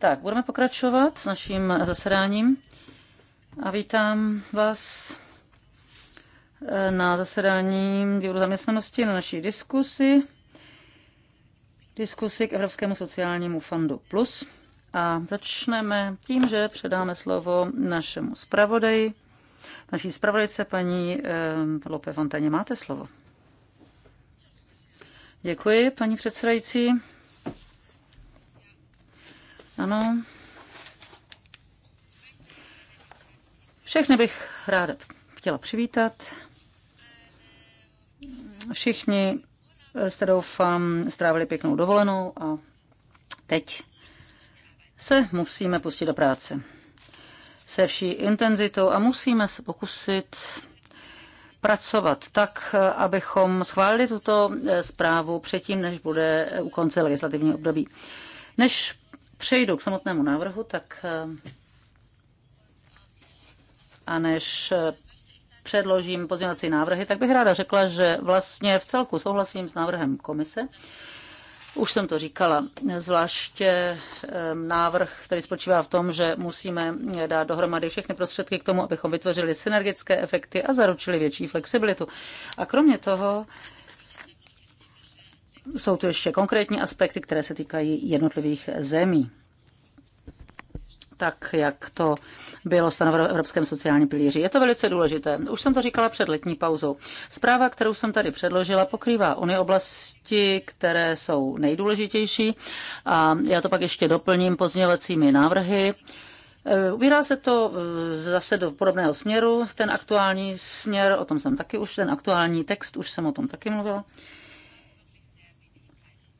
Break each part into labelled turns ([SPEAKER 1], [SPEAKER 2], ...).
[SPEAKER 1] Tak, budeme pokračovat s naším zasedáním a vítám vás eh, na zasedání výboru zaměstnanosti na naší diskusi, diskusi k Evropskému sociálnímu fondu Plus. A začneme tím, že předáme slovo našemu zpravodaji, naší zpravodajce paní eh, Lope Fontaně. Máte slovo. Děkuji, paní předsedající. Ano. Všechny bych ráda chtěla přivítat. Všichni jste doufám strávili pěknou dovolenou a teď se musíme pustit do práce se vší intenzitou a musíme se pokusit pracovat tak, abychom schválili tuto eh, zprávu předtím, než bude eh, u konce legislativního období. Než přejdu k samotnému návrhu, tak eh, a než eh, předložím pozměňovací návrhy, tak bych ráda řekla, že vlastně v celku souhlasím s návrhem komise. Už jsem to říkala, zvláště eh, návrh, který spočívá v tom, že musíme dát dohromady všechny prostředky k tomu, abychom vytvořili synergické efekty a zaručili větší flexibilitu. A kromě toho jsou tu ještě konkrétní aspekty, které se týkají jednotlivých zemí. Tak, jak to bylo stanoveno v Evropském sociálním pilíři. Je to velice důležité. Už jsem to říkala před letní pauzou. Zpráva, kterou jsem tady předložila, pokrývá ony oblasti, které jsou nejdůležitější. A já to pak ještě doplním pozměvacími návrhy. Eh, ubírá se to eh, zase do podobného směru, ten aktuální směr, o tom jsem taky už, ten aktuální text, už jsem o tom taky mluvila.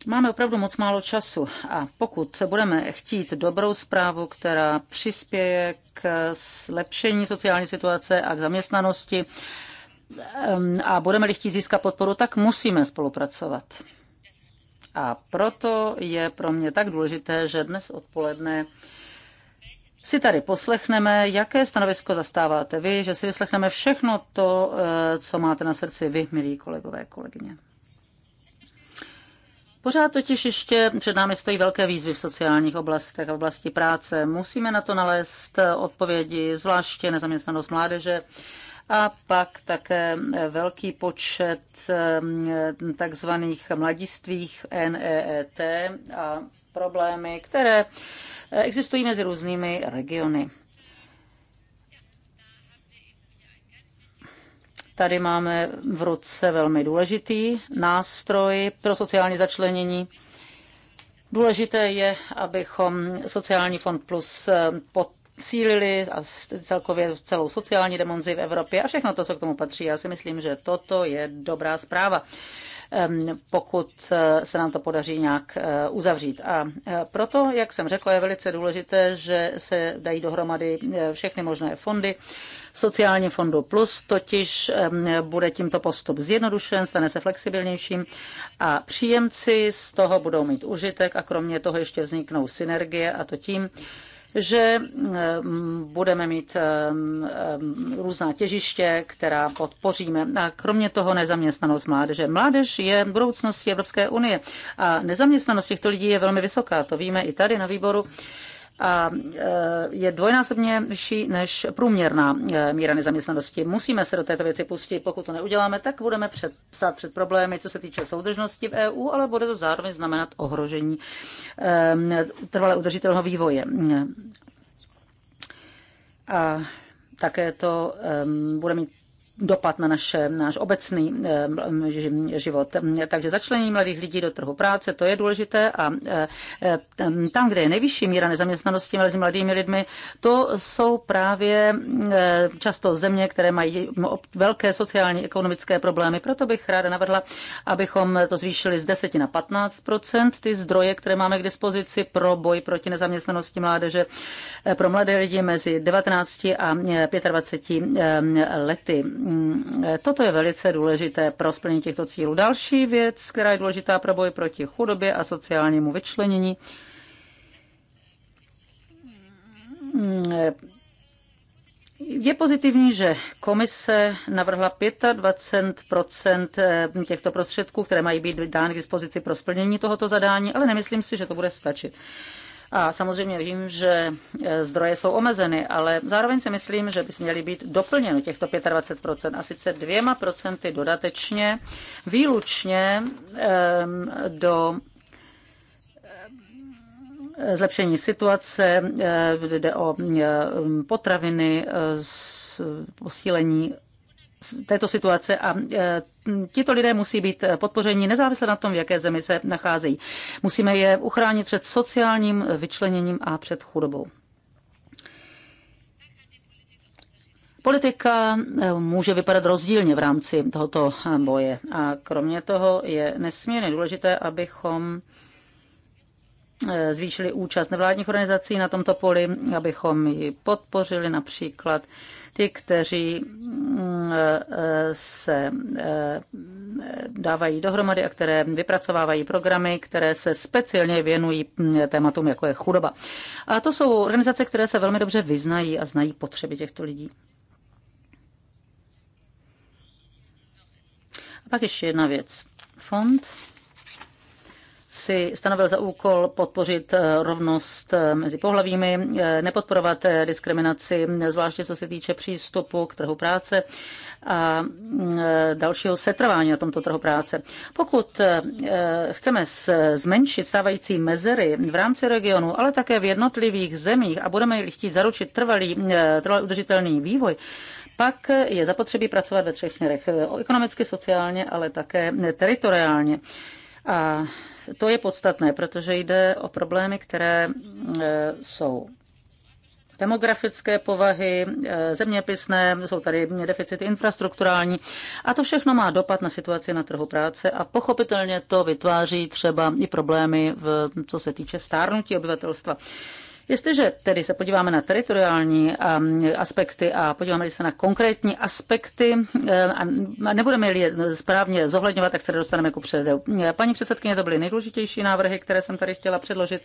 [SPEAKER 1] Máme opravdu moc málo času a pokud budeme chtít dobrou zprávu, která přispěje k zlepšení sociální situace a k zaměstnanosti a budeme-li chtít získat podporu, tak musíme spolupracovat. A proto je pro mě tak důležité, že dnes odpoledne si tady poslechneme, jaké stanovisko zastáváte vy, že si vyslechneme všechno to, eh, co máte na srdci vy, milí kolegové, kolegyně. Pořád totiž ještě před námi stojí velké výzvy v sociálních oblastech a v oblasti práce. Musíme na to nalézt odpovědi, zvláště nezaměstnanost mládeže a pak také velký počet mm, takzvaných mladistvých NEET a problémy, které existují mezi různými regiony. Tady máme v ruce velmi důležitý nástroj pro sociální začlenění. Důležité je, abychom sociální fond plus eh, pod cílili a celkově celou sociální demonzi v Evropě a všechno to, co k tomu patří. Já si myslím, že toto je dobrá zpráva pokud eh, se nám to podaří nějak eh, uzavřít. A eh, proto, jak jsem řekla, je velice důležité, že se dají dohromady všechny možné fondy. Sociální fondu plus totiž bude tímto postup zjednodušen, stane se flexibilnějším a příjemci z toho budou mít užitek a kromě toho ještě vzniknou synergie a to tím, že mm, budeme mít mm, mm, různá těžiště, která podpoříme. A kromě toho nezaměstnanost mládeže. Mládež je budoucností Evropské unie a nezaměstnanost těchto lidí je velmi vysoká. To víme i tady na výboru a e, je dvojnásobně vyšší než průměrná e, míra nezaměstnanosti. Musíme se do této věci pustit. Pokud to neuděláme, tak budeme psát před problémy, co se týče soudržnosti v EU, ale bude to zároveň znamenat ohrožení e, trvale udržitelného vývoje. A také to bude mít dopad na naše, náš obecný eh, život. Takže začlenění mladých lidí do trhu práce, to je důležité a eh, tam, kde je nejvyšší míra nezaměstnanosti mezi mladými lidmi, to jsou právě eh, často země, které mají velké sociální, ekonomické problémy. Proto bych ráda navrhla, abychom to zvýšili z 10 na 15 ty zdroje, které máme k dispozici pro boj proti nezaměstnanosti mládeže pro mladé lidi mezi 19 a 25 lety Mm, eh, toto je velice důležité pro splnění těchto cílů. Další věc, která je důležitá pro boj proti chudobě a sociálnímu vyčlenění, mm, eh, je pozitivní, že komise navrhla 25 těchto prostředků, které mají být dány k dispozici pro splnění tohoto zadání, ale nemyslím si, že to bude stačit. A samozřejmě vím, že e, zdroje jsou omezeny, ale zároveň si myslím, že by měly být doplněny těchto 25 a sice dvěma procenty dodatečně, výlučně do e, zlepšení situace, e, jde o potraviny, posílení této situace a e, tito lidé musí být podpořeni nezávisle na tom, v jaké zemi se nacházejí. Musíme je uchránit před sociálním vyčleněním a před chudobou. Politika e, může vypadat rozdílně v rámci tohoto boje a kromě toho je nesmírně důležité, abychom Eh, zvýšili účast nevládních organizací na tomto poli, abychom ji podpořili například ty, kteří mm, eh, se eh, dávají dohromady a které vypracovávají programy, které se speciálně věnují mm, tématům, jako je chudoba. A to jsou organizace, které se velmi dobře vyznají a znají potřeby těchto lidí. A pak ještě jedna věc. Fond si stanovil za úkol podpořit eh, rovnost eh, mezi pohlavími, eh, nepodporovat diskriminaci, zvláště co se týče přístupu k trhu práce a mm, dalšího setrvání na tomto trhu práce. Pokud chceme zmenšit stávající mezery v rámci regionu, ale také v jednotlivých zemích a budeme chtít zaručit trvalý, trvalý udržitelný vývoj, pak je zapotřebí pracovat ve třech směrech. Ekonomicky, sociálně, ale také teritoriálně. A to je podstatné, protože jde o problémy, které e, jsou demografické povahy, e, zeměpisné, jsou tady deficity infrastrukturální a to všechno má dopad na situaci na trhu práce a pochopitelně to vytváří třeba i problémy, v, co se týče stárnutí obyvatelstva. Jestliže tedy se podíváme na teritoriální um, aspekty a podíváme se na konkrétní aspekty eh, a nebudeme je správně zohledňovat, tak se dostaneme ku předu. Paní předsedkyně, to byly nejdůležitější návrhy, které jsem tady chtěla předložit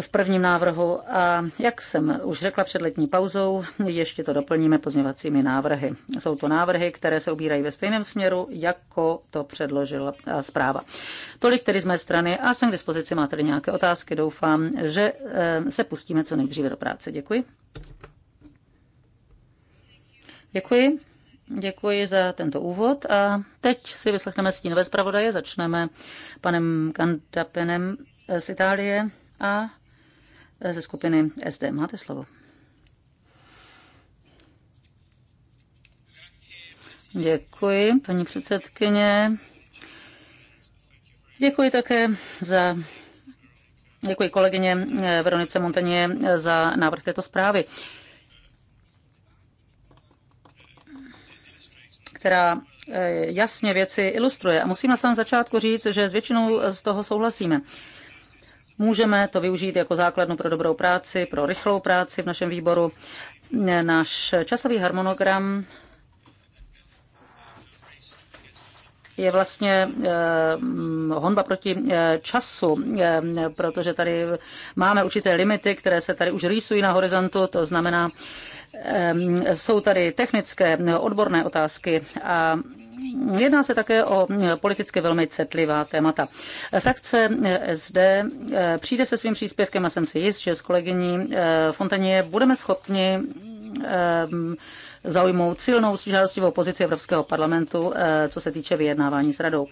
[SPEAKER 1] v prvním návrhu a jak jsem už řekla před letní pauzou, ještě to doplníme pozněvacími návrhy. Jsou to návrhy, které se ubírají ve stejném směru, jako to předložila zpráva. Tolik tedy z mé strany a jsem k dispozici, máte tady nějaké otázky, doufám, že eh, se pustíme co nejdříve do práce. Děkuji. Děkuji. Děkuji za tento úvod a teď si vyslechneme stínové zpravodaje. Začneme panem Kandapenem z Itálie a ze skupiny SD. Máte slovo. Děkuji, paní předsedkyně. Děkuji také za děkuji kolegyně Veronice Montaně za návrh této zprávy, která eh, jasně věci ilustruje. A musím na samém začátku říct, že s většinou z toho souhlasíme. Můžeme to využít jako základnu pro dobrou práci, pro rychlou práci v našem výboru. Náš časový harmonogram je vlastně eh, mm, honba proti eh, času, eh, protože tady máme určité limity, které se tady už rýsují na horizontu, to znamená, mm, jsou tady technické, odborné otázky a Jedná se také o politicky velmi citlivá témata. Frakce SD e, přijde se svým příspěvkem a jsem si jist, že s kolegyní e, Fontanie budeme schopni e, zaujmout silnou žádostivou pozici Evropského parlamentu, co se týče vyjednávání s radou.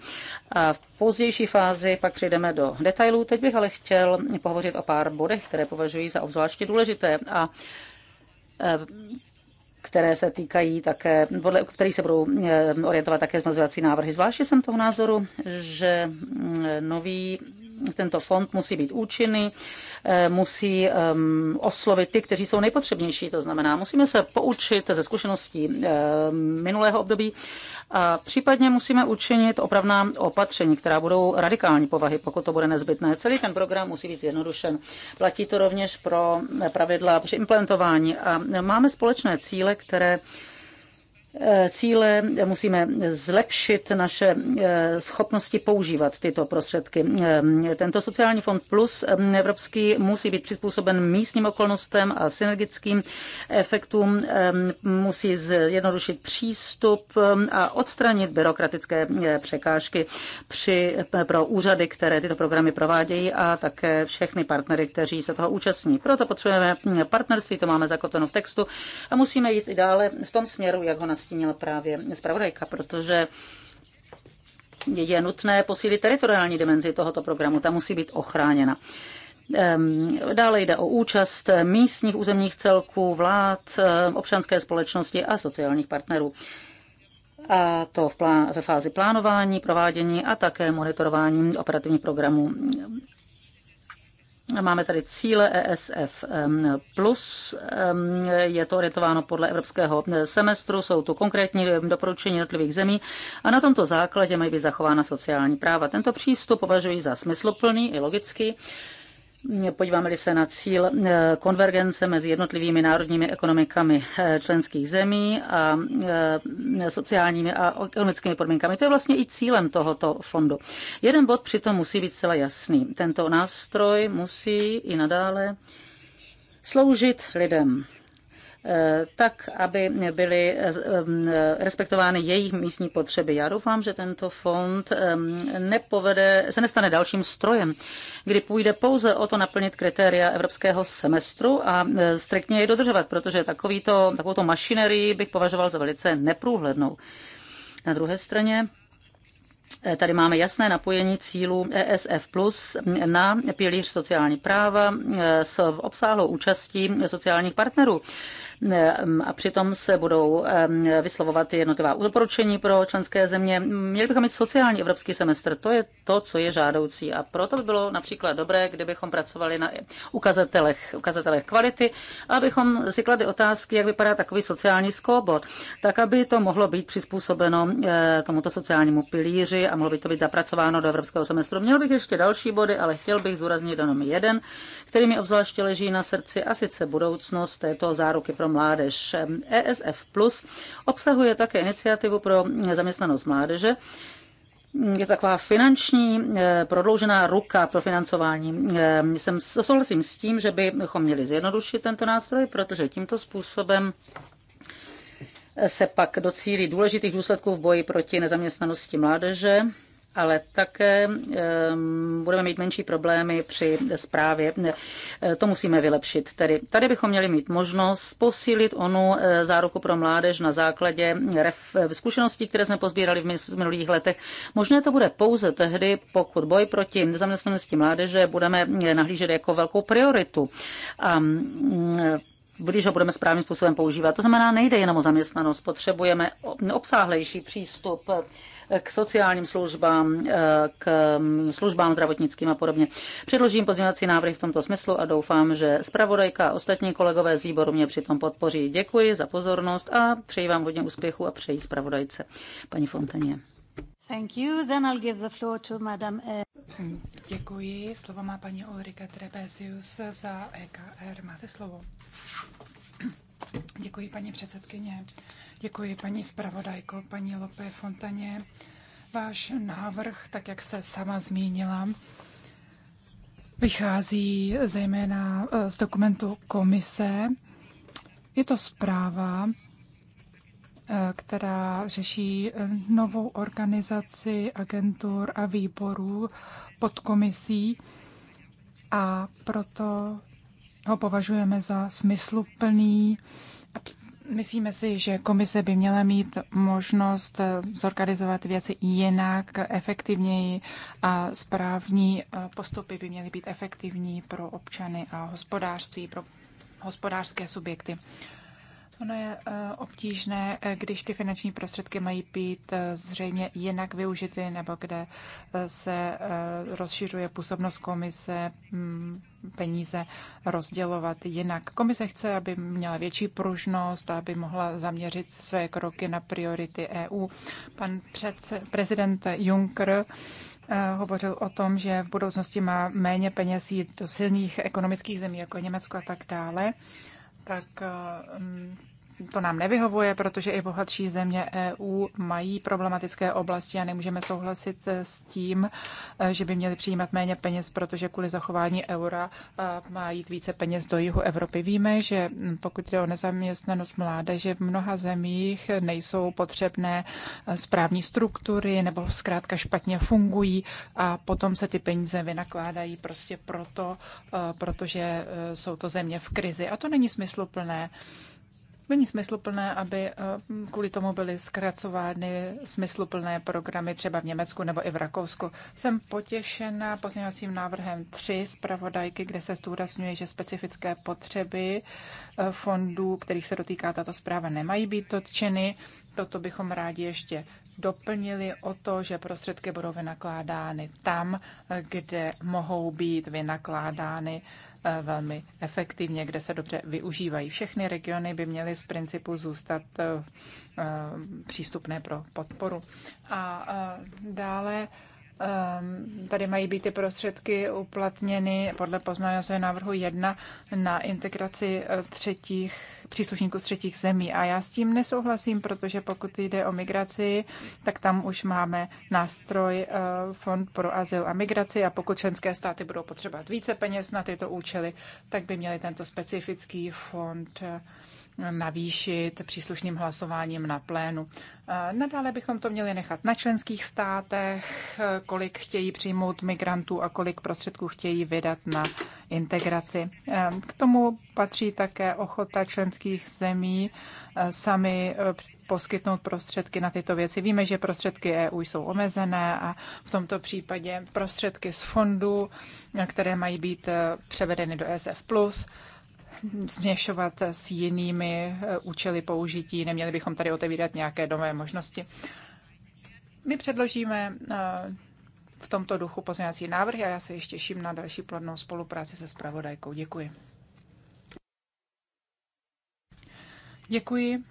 [SPEAKER 1] A v pozdější fázi pak přejdeme do detailů. Teď bych ale chtěl pohovořit o pár bodech, které považuji za obzvláště důležité. A které se týkají také, podle kterých se budou eh, orientovat také zmazovací návrhy. Zvláště jsem toho názoru, že mm, nový tento fond musí být účinný, eh, musí ehm, oslovit ty, kteří jsou nejpotřebnější. To znamená, musíme se poučit ze zkušeností ehm, minulého období a případně musíme učinit opravná opatření, která budou radikální povahy, pokud to bude nezbytné. Celý ten program musí být zjednodušen. Platí to rovněž pro pravidla při implementování a máme společné cíle, které Eh, cíle, eh, musíme zlepšit naše eh, schopnosti používat tyto prostředky. Tento sociální fond plus evropský musí být přizpůsoben místním okolnostem a synergickým efektům, musí zjednodušit přístup a odstranit byrokratické překážky při, pro úřady, které tyto programy provádějí a také všechny partnery, kteří se toho účastní. Proto potřebujeme partnerství, to máme zakotveno v textu a musíme jít i dále v tom směru, jak ho nastínila právě zpravodajka, protože je nutné posílit teritoriální dimenzi tohoto programu, ta musí být ochráněna. Dále jde o účast místních územních celků, vlád, občanské společnosti a sociálních partnerů. A to v plán, ve fázi plánování, provádění a také monitorování operativních programů. Máme tady cíle ESF+, plus, je to orientováno podle evropského semestru, jsou tu konkrétní doporučení jednotlivých zemí a na tomto základě mají být zachována sociální práva. Tento přístup považuji za smysluplný i logický podíváme-li se na cíl eh, konvergence mezi jednotlivými národními ekonomikami eh, členských zemí a eh, sociálními a ekonomickými podmínkami. To je vlastně i cílem tohoto fondu. Jeden bod přitom musí být zcela jasný. Tento nástroj musí i nadále sloužit lidem Eh, tak, aby byly eh, respektovány jejich místní potřeby. Já doufám, že tento fond eh, nepovede, se nestane dalším strojem, kdy půjde pouze o to naplnit kritéria evropského semestru a striktně je dodržovat, protože takovýto, takovouto mašinerii bych považoval za velice neprůhlednou. Na druhé straně Tady máme jasné napojení cílů ESF Plus na pilíř sociální práva s obsáhlou účastí sociálních partnerů a přitom se budou vyslovovat jednotlivá doporučení pro členské země. Měli bychom mít sociální evropský semestr, to je to, co je žádoucí a proto by bylo například dobré, kdybychom pracovali na ukazatelech, ukazatelech kvality, abychom si kladli otázky, jak vypadá takový sociální skobot, tak aby to mohlo být přizpůsobeno e, tomuto sociálnímu pilíři a mohlo by to být zapracováno do evropského semestru. Měl bych ještě další body, ale chtěl bych zúraznit jenom jeden, který mi obzvláště leží na srdci a sice budoucnost této záruky pro mládež. ESF Plus obsahuje také iniciativu pro zaměstnanost mládeže, je taková finanční eh, prodloužená ruka pro financování. Eh, jsem souhlasím s tím, že bychom měli zjednodušit tento nástroj, protože tímto způsobem se pak docílí důležitých důsledků v boji proti nezaměstnanosti mládeže ale také ehm, budeme mít menší problémy při zprávě. Eh, to musíme vylepšit. Tedy tady bychom měli mít možnost posílit onu eh, záruku pro mládež na základě ref, eh, zkušeností, které jsme pozbírali v minulých letech. Možné to bude pouze tehdy, pokud boj proti nezaměstnanosti mládeže budeme nahlížet jako velkou prioritu. A mm, když ho budeme správným způsobem používat. To znamená, nejde jenom o zaměstnanost, potřebujeme obsáhlejší přístup k sociálním službám, eh, k mm, službám zdravotnickým a podobně. Předložím pozměňovací návrhy v tomto smyslu a doufám, že zpravodajka a ostatní kolegové z výboru mě přitom podpoří. Děkuji za pozornost a přeji vám hodně úspěchu a přeji zpravodajce paní Fontaně. Thank you. Then I'll give the
[SPEAKER 2] floor to Madame eh, Děkuji. Slovo má paní Ulrika Trebesius za EKR. Máte slovo. Děkuji, paní předsedkyně. Děkuji paní zpravodajko, paní Lope Fontaně. Váš návrh, tak jak jste sama zmínila, vychází zejména eh, z dokumentu komise. Je to zpráva, eh, která řeší eh, novou organizaci agentur a výborů pod komisí a proto ho považujeme za smysluplný Myslíme si, že komise by měla mít možnost eh, zorganizovat věci jinak, efektivněji a správní eh, postupy by měly být efektivní pro občany a hospodářství, pro hospodářské subjekty. Ono je eh, obtížné, eh, když ty finanční prostředky mají být eh, zřejmě jinak využity, nebo kde se rozšiřuje působnost komise mm, peníze rozdělovat jinak. Komise chce, aby měla větší pružnost, aby mohla zaměřit své kroky na priority EU. Pan předse, prezident Juncker hovořil o tom, že v budoucnosti má méně peněz jít do silných ekonomických zemí, jako Německo a tak dále tak mm, to nám nevyhovuje, protože i bohatší země EU mají problematické oblasti a nemůžeme souhlasit s tím, eh, že by měli přijímat méně peněz, protože kvůli zachování eura eh, má jít více peněz do jihu Evropy. Víme, že hm, pokud jde o nezaměstnanost mládeže, v mnoha zemích nejsou potřebné eh, správní struktury nebo zkrátka špatně fungují a potom se ty peníze vynakládají prostě proto, protože jsou to země v krizi. A to není smysluplné. Není smysluplné, aby eh, kvůli tomu byly zkracovány smysluplné programy třeba v Německu nebo i v Rakousku. Jsem potěšena pozměňovacím návrhem 3 zpravodajky, kde se zdůrazňuje, že specifické potřeby eh, fondů, kterých se dotýká tato zpráva, nemají být dotčeny. Toto bychom rádi ještě doplnili o to, že prostředky budou vynakládány tam, eh, kde mohou být vynakládány Eh, velmi efektivně, kde se dobře využívají. Všechny regiony by měly z principu zůstat eh, eh, přístupné pro podporu. A dále Tady mají být ty prostředky uplatněny podle poznávacího návrhu 1 na integraci třetích příslušníků z třetích zemí. A já s tím nesouhlasím, protože pokud jde o migraci, tak tam už máme nástroj eh, Fond pro azyl a migraci a pokud členské státy budou potřebovat více peněz na tyto účely, tak by měli tento specifický fond eh, navýšit příslušným hlasováním na plénu. Nadále bychom to měli nechat na členských státech, kolik chtějí přijmout migrantů a kolik prostředků chtějí vydat na integraci. K tomu patří také ochota členských zemí e, sami e, poskytnout prostředky na tyto věci. Víme, že prostředky EU jsou omezené a v tomto případě prostředky z fondů, e, které mají být převedeny do ESF+ směšovat s jinými eh, účely použití, neměli bychom tady otevírat nějaké nové možnosti. My předložíme eh, v tomto duchu pozměňovací návrh a já se ještě těším na další plodnou spolupráci se spravodajkou. Děkuji. Děkuji.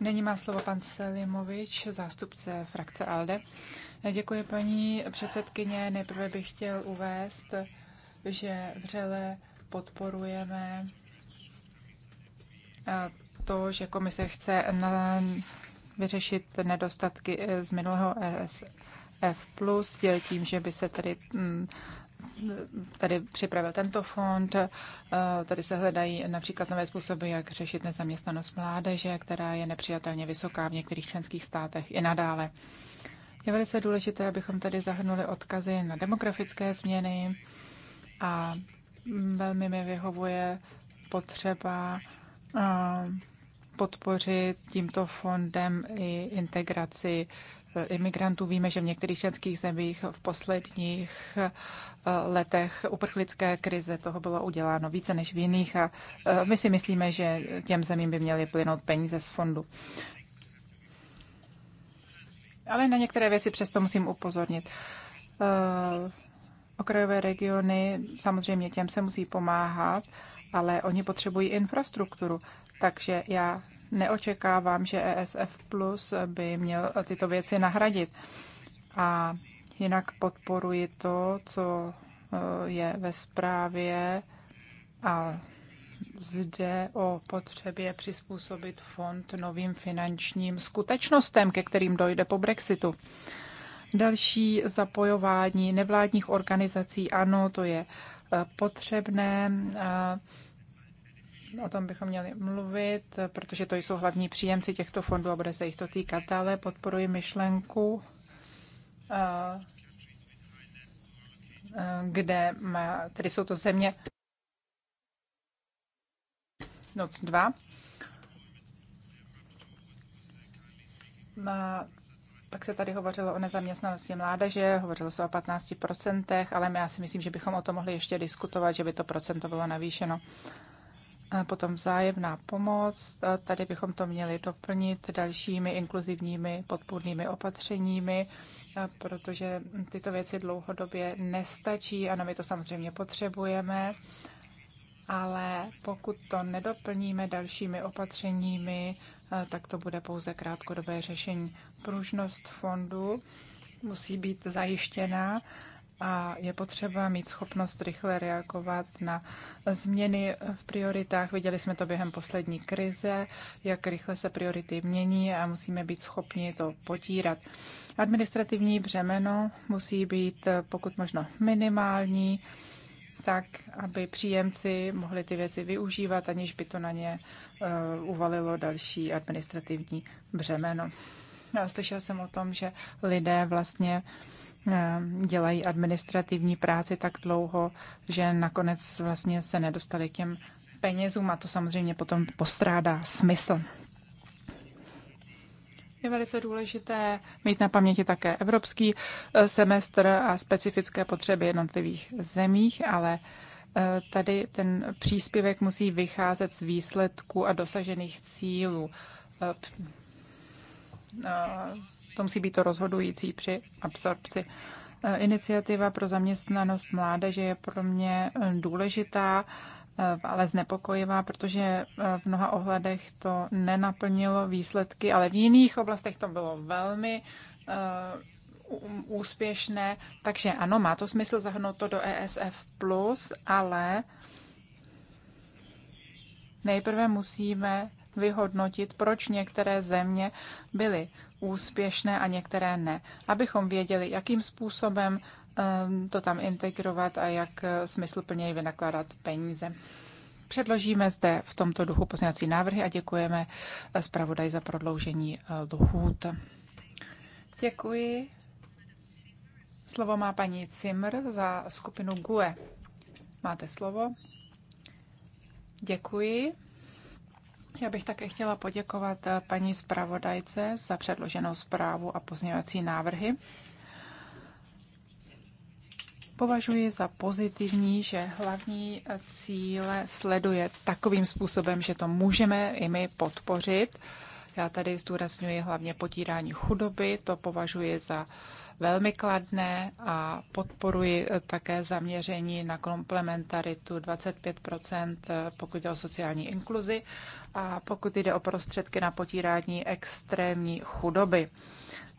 [SPEAKER 2] Není má slovo pan Selimovič, zástupce frakce ALDE. Děkuji, paní předsedkyně. Nejprve bych chtěl uvést, že vřele podporujeme eh, to, že komise chce na, vyřešit nedostatky eh, z minulého ESF+, tím, že by se tady mm, tady připravil tento fond, eh, tady se hledají například nové způsoby, jak řešit nezaměstnanost mládeže, která je nepřijatelně vysoká v některých členských státech i nadále. Je velice důležité, abychom tady zahrnuli odkazy na demografické změny a velmi mi vyhovuje potřeba eh, podpořit tímto fondem i integraci eh, imigrantů. Víme, že v některých členských zemích v posledních eh, letech uprchlické krize toho bylo uděláno více než v jiných a my si myslíme, že těm zemím by měly plynout peníze z fondu. Ale na některé věci přesto musím upozornit. Okrajové regiony, samozřejmě těm se musí pomáhat, ale oni potřebují infrastrukturu. Takže já neočekávám, že ESF Plus by měl tyto věci nahradit. A jinak podporuji to, co eh, je ve zprávě a zde o potřebě přizpůsobit fond novým finančním skutečnostem, ke kterým dojde po Brexitu. Další zapojování nevládních organizací, ano, to je eh, potřebné. Eh, o tom bychom měli mluvit, protože to jsou hlavní příjemci těchto fondů a bude se jich to týkat dále. Podporuji myšlenku eh, kde má, tedy jsou to země noc 2. Pak se tady hovořilo o nezaměstnanosti mládeže, hovořilo se o 15%, ale já si myslím, že bychom o tom mohli ještě diskutovat, že by to procento bylo navýšeno. A potom zájemná pomoc, tady bychom to měli doplnit dalšími inkluzivními podpůrnými opatřeními, protože tyto věci dlouhodobě nestačí. Ano, my to samozřejmě potřebujeme, ale pokud to nedoplníme dalšími opatřeními, tak to bude pouze krátkodobé řešení. Pružnost fondu musí být zajištěná a je potřeba mít schopnost rychle reagovat na změny v prioritách. Viděli jsme to během poslední krize, jak rychle se priority mění a musíme být schopni to potírat. Administrativní břemeno musí být pokud možno minimální tak, aby příjemci mohli ty věci využívat, aniž by to na ně eh, uvalilo další administrativní břemeno. Já slyšel jsem o tom, že lidé vlastně eh, dělají administrativní práci tak dlouho, že nakonec vlastně se nedostali k těm penězům a to samozřejmě potom postrádá smysl. Je velice důležité mít na paměti také evropský eh, semestr a specifické potřeby jednotlivých zemích, ale eh, tady ten příspěvek musí vycházet z výsledků a dosažených cílů. Eh, to musí být to rozhodující při absorpci. Iniciativa pro zaměstnanost mládeže je pro mě důležitá Eh, ale znepokojivá, protože eh, v mnoha ohledech to nenaplnilo výsledky, ale v jiných oblastech to bylo velmi eh, um, úspěšné. Takže ano, má to smysl zahrnout to do ESF+, ale nejprve musíme vyhodnotit, proč některé země byly úspěšné a některé ne, abychom věděli, jakým způsobem Ehm, to tam integrovat a jak eh, smysluplněji vynakládat peníze. Předložíme zde v tomto duchu poslanecí návrhy a děkujeme eh, zpravodaj za prodloužení eh, lhůt. Děkuji. Slovo má paní Cimr za skupinu GUE. Máte slovo. Děkuji. Já bych také chtěla poděkovat paní zpravodajce za předloženou zprávu a pozměňovací návrhy. Považuji za pozitivní, že hlavní cíle sleduje takovým způsobem, že to můžeme i my podpořit. Já tady zdůrazňuji hlavně potírání chudoby, to považuji za velmi kladné a podporuji také zaměření na komplementaritu 25 pokud jde o sociální inkluzi a pokud jde o prostředky na potírání extrémní chudoby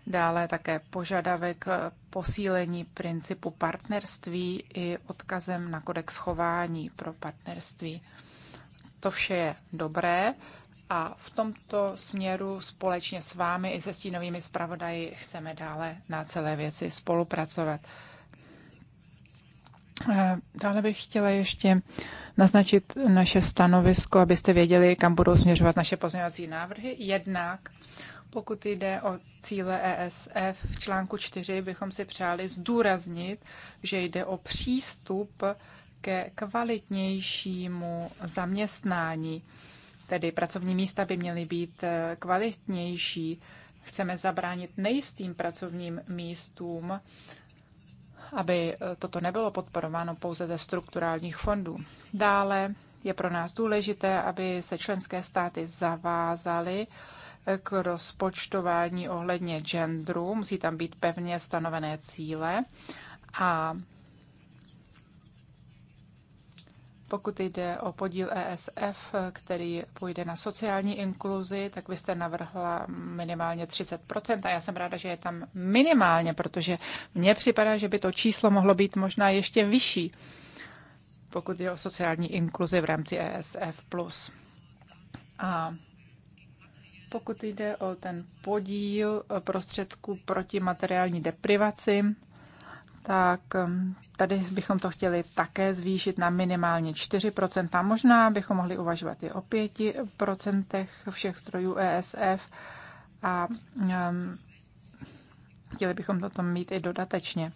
[SPEAKER 2] dále také požadavek posílení principu partnerství i odkazem na kodex chování pro partnerství. To vše je dobré a v tomto směru společně s vámi i se stínovými zpravodaji chceme dále na celé věci spolupracovat. Dále bych chtěla ještě naznačit naše stanovisko, abyste věděli, kam budou směřovat naše pozměňovací návrhy. Jednak pokud jde o cíle ESF, v článku 4 bychom si přáli zdůraznit, že jde o přístup ke kvalitnějšímu zaměstnání. Tedy pracovní místa by měly být eh, kvalitnější. Chceme zabránit nejistým pracovním místům, aby eh, toto nebylo podporováno pouze ze strukturálních fondů. Dále je pro nás důležité, aby se členské státy zavázaly k rozpočtování ohledně genderu. Musí tam být pevně stanovené cíle. A pokud jde o podíl ESF, který půjde na sociální inkluzi, tak vy jste navrhla minimálně 30%. A já jsem ráda, že je tam minimálně, protože mně připadá, že by to číslo mohlo být možná ještě vyšší, pokud jde o sociální inkluzi v rámci ESF. A pokud jde o ten podíl prostředků proti materiální deprivaci, tak um, tady bychom to chtěli také zvýšit na minimálně 4%. Možná bychom mohli uvažovat i o 5% všech strojů ESF a um, chtěli bychom to tam mít i dodatečně.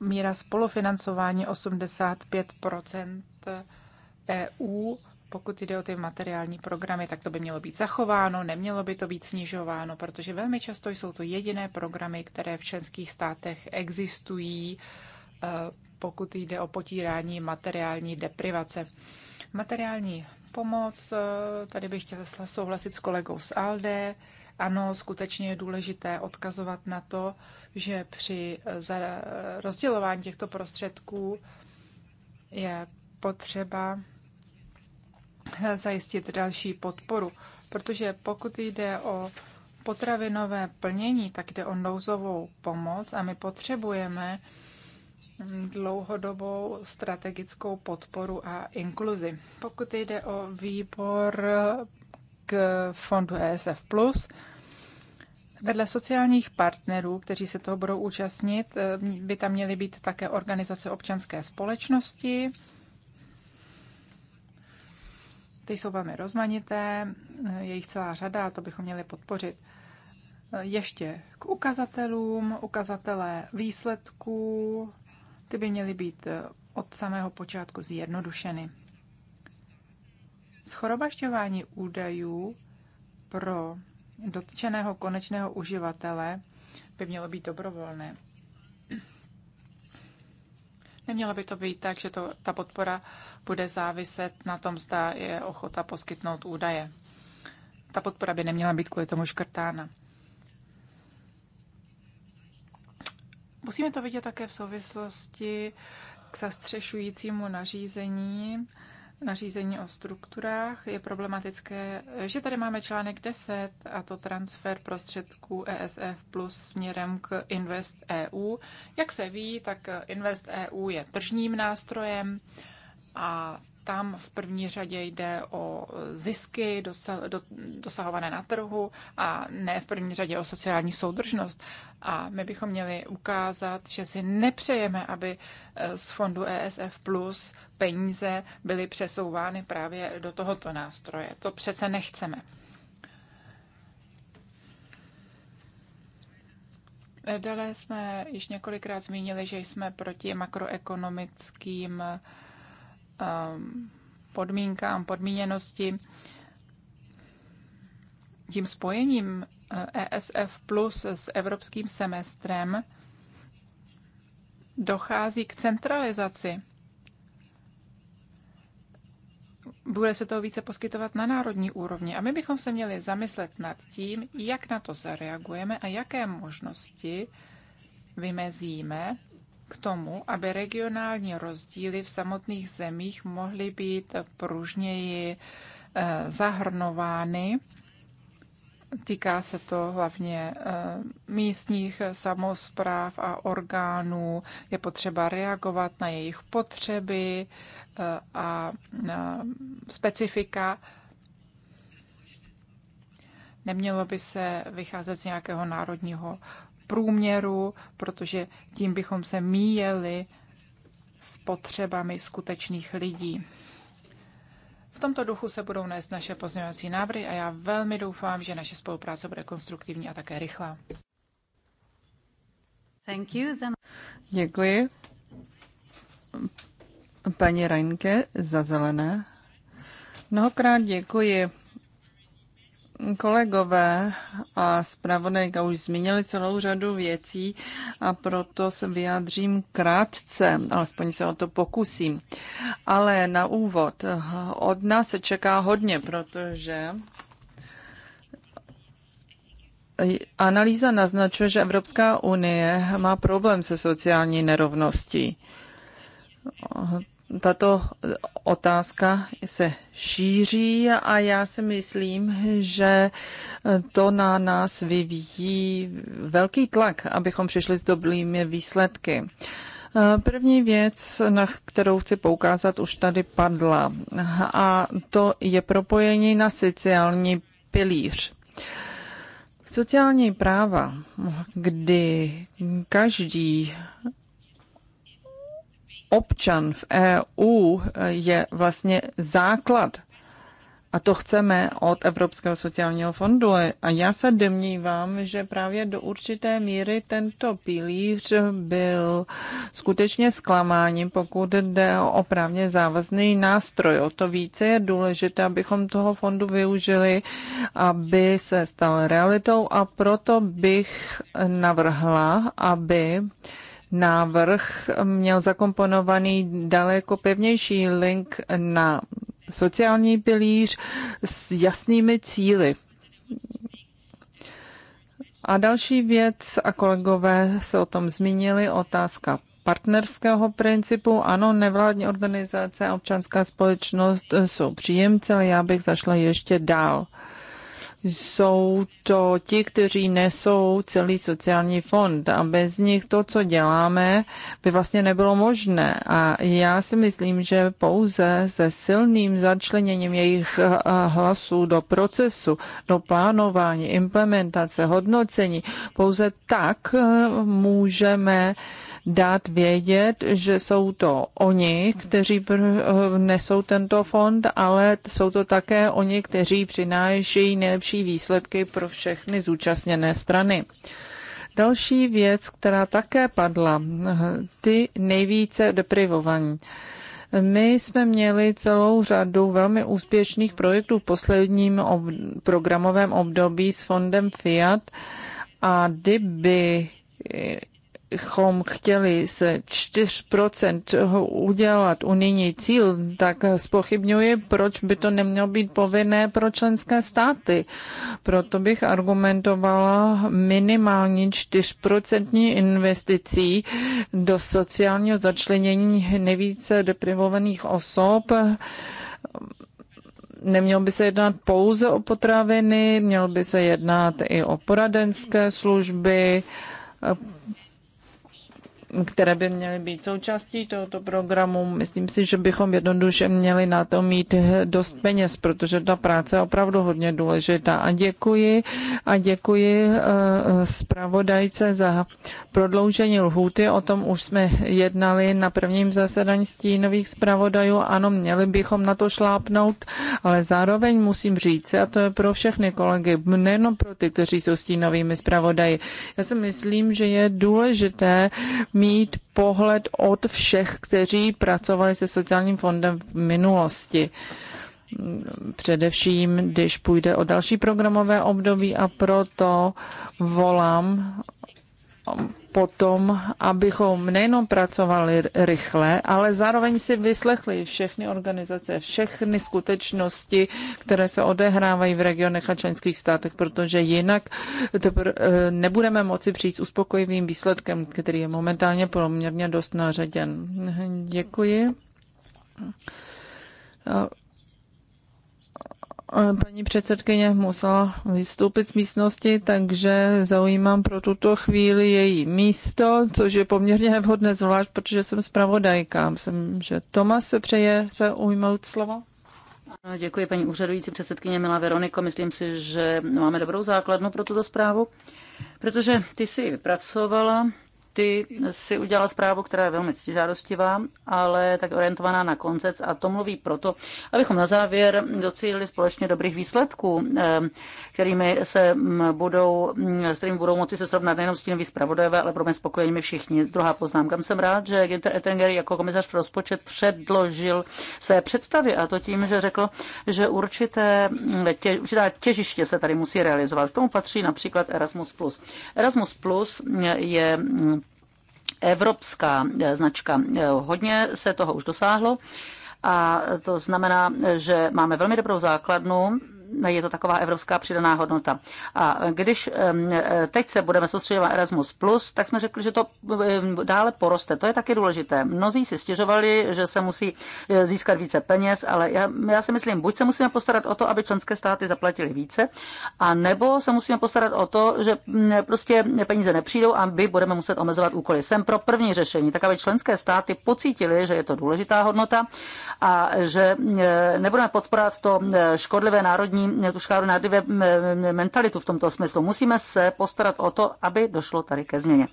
[SPEAKER 2] Uh, míra spolufinancování 85 EU pokud jde o ty materiální programy, tak to by mělo být zachováno, nemělo by to být snižováno, protože velmi často jsou to jediné programy, které v členských státech existují, eh, pokud jde o potírání materiální deprivace. Materiální pomoc, eh, tady bych chtěla souhlasit s kolegou z ALDE, ano, skutečně je důležité odkazovat na to, že při eh, rozdělování těchto prostředků je potřeba zajistit další podporu, protože pokud jde o potravinové plnění, tak jde o nouzovou pomoc a my potřebujeme dlouhodobou strategickou podporu a inkluzi. Pokud jde o výbor k fondu ESF+, Vedle sociálních partnerů, kteří se toho budou účastnit, by tam měly být také organizace občanské společnosti, ty jsou velmi rozmanité, je jich celá řada to bychom měli podpořit. Ještě k ukazatelům, ukazatele výsledků, ty by měly být od samého počátku zjednodušeny. Schorobašťování údajů pro dotčeného konečného uživatele by mělo být dobrovolné. Nemělo by to být tak, že to, ta podpora bude záviset na tom, zda je ochota poskytnout údaje. Ta podpora by neměla být kvůli tomu škrtána. Musíme to vidět také v souvislosti k zastřešujícímu nařízení nařízení o strukturách je problematické, že tady máme článek 10 a to transfer prostředků ESF plus směrem k Invest EU. Jak se ví, tak Invest EU je tržním nástrojem a tam v první řadě jde o zisky dosahované na trhu a ne v první řadě o sociální soudržnost. A my bychom měli ukázat, že si nepřejeme, aby eh, z fondu ESF Plus peníze byly přesouvány právě do tohoto nástroje. To přece nechceme. Dále jsme již několikrát zmínili, že jsme proti makroekonomickým Um, podmínkám, podmíněnosti. Tím spojením ESF eh, e plus s evropským semestrem dochází k centralizaci. Bude se toho více poskytovat na národní úrovni. A my bychom se měli zamyslet nad tím, jak na to zareagujeme a jaké možnosti vymezíme k tomu, aby regionální rozdíly v samotných zemích mohly být pružněji eh, zahrnovány. Týká se to hlavně eh, místních samozpráv a orgánů. Je potřeba reagovat na jejich potřeby eh, a specifika. Nemělo by se vycházet z nějakého národního průměru, protože tím bychom se míjeli s potřebami skutečných lidí. V tomto duchu se budou nést naše pozměňovací návrhy a já velmi doufám, že naše spolupráce bude konstruktivní a také rychlá.
[SPEAKER 1] Thank you. Then...
[SPEAKER 3] Děkuji. Paní Reinke za zelené. Mnohokrát děkuji kolegové a zpravodajka už zmínili celou řadu věcí a proto se vyjádřím krátce, alespoň se o to pokusím. Ale na úvod, od nás se čeká hodně, protože analýza naznačuje, že Evropská unie má problém se sociální nerovností tato otázka se šíří a já si myslím, že to na nás vyvíjí velký tlak, abychom přišli s dobrými výsledky. První věc, na kterou chci poukázat, už tady padla a to je propojení na sociální pilíř. Sociální práva, kdy každý občan v EU eh, je vlastně základ. A to chceme od Evropského sociálního fondu. A já se domnívám, že právě do určité míry tento pilíř byl skutečně zklamáním, pokud jde o právně závazný nástroj. O to více je důležité, abychom toho fondu využili, aby se stal realitou a proto bych navrhla, aby návrh měl zakomponovaný daleko pevnější link na sociální pilíř s jasnými cíly. A další věc, a kolegové se o tom zmínili, otázka partnerského principu. Ano, nevládní organizace a občanská společnost jsou příjemci, ale já bych zašla ještě dál. Uh, jsou to ti, kteří nesou celý sociální fond a bez nich to, co děláme, by vlastně nebylo možné. A já si myslím, že pouze se silným začleněním jejich eh, hlasů do procesu, do plánování, implementace, hodnocení, pouze tak eh, můžeme dát vědět, že jsou to oni, kteří nesou tento fond, ale jsou to také oni, kteří přinášejí nejlepší výsledky pro všechny zúčastněné strany. Další věc, která také padla, ty nejvíce deprivovaní. My jsme měli celou řadu velmi úspěšných projektů v posledním ob- programovém období s fondem Fiat a kdyby bychom chtěli se 4% udělat unijní cíl, tak spochybňuji, proč by to nemělo být povinné pro členské státy. Proto bych argumentovala minimálně 4% investicí do sociálního začlenění nejvíce deprivovaných osob nemělo by se jednat pouze o potraviny, mělo by se jednat i o poradenské služby, které by měly být součástí tohoto programu. Myslím si, že bychom jednoduše měli na to mít dost peněz, protože ta práce je opravdu hodně důležitá. A děkuji a děkuji eh, zpravodajce za prodloužení lhůty. O tom už jsme jednali na prvním zasedání stínových zpravodajů. Ano, měli bychom na to šlápnout, ale zároveň musím říct, a to je pro všechny kolegy, nejenom pro ty, kteří jsou stínovými zpravodaji. Já si myslím, že je důležité mít pohled od všech, kteří pracovali se sociálním fondem v minulosti. Především, když půjde o další programové období a proto volám potom, abychom nejenom pracovali rychle, ale zároveň si vyslechli všechny organizace, všechny skutečnosti, které se odehrávají v regionech a členských státech, protože jinak to eh, nebudeme moci přijít s uspokojivým výsledkem, který je momentálně poměrně dost naředěn. Děkuji. Eh, paní předsedkyně musela vystoupit z místnosti, takže zaujímám pro tuto chvíli její místo, což je poměrně nevhodné zvlášť, protože jsem zpravodajka. Myslím, že Tomas se přeje se ujmout slovo.
[SPEAKER 1] Děkuji, paní úřadující předsedkyně, milá Veroniko. Myslím si, že máme dobrou základnu pro tuto zprávu, protože ty jsi vypracovala ty si udělala zprávu, která je velmi ctižádostivá, ale tak orientovaná na koncec a to mluví proto, abychom na závěr docílili společně dobrých výsledků, eh, kterými se mm, budou, mm, s kterými budou moci se srovnat nejenom tím zpravodajové, ale pro mě spokojení my všichni. Druhá poznámka. Jsem rád, že Günther Ettinger jako komisař pro rozpočet předložil své představy a to tím, že řekl, že určité tě, určitá těžiště se tady musí realizovat. K tomu patří například Erasmus+. Erasmus+, je mm, evropská eh, značka. Eh, hodně se toho už dosáhlo a to znamená, že máme velmi dobrou základnu je to taková evropská přidaná hodnota. A když e, teď se budeme soustředit na Erasmus+, tak jsme řekli, že to dále poroste. To je taky důležité. Mnozí si stěžovali, že se musí e, získat více peněz, ale já, já si myslím, buď se musíme postarat o to, aby členské státy zaplatili více, a nebo se musíme postarat o to, že prostě peníze nepřijdou a my budeme muset omezovat úkoly. Jsem pro první řešení, tak aby členské státy pocítili, že je to důležitá hodnota a že e, nebudeme podporovat to škodlivé národní národní, tu škáru na mentalitu v tomto smyslu. Musíme se postarat o to, aby došlo tady ke změně.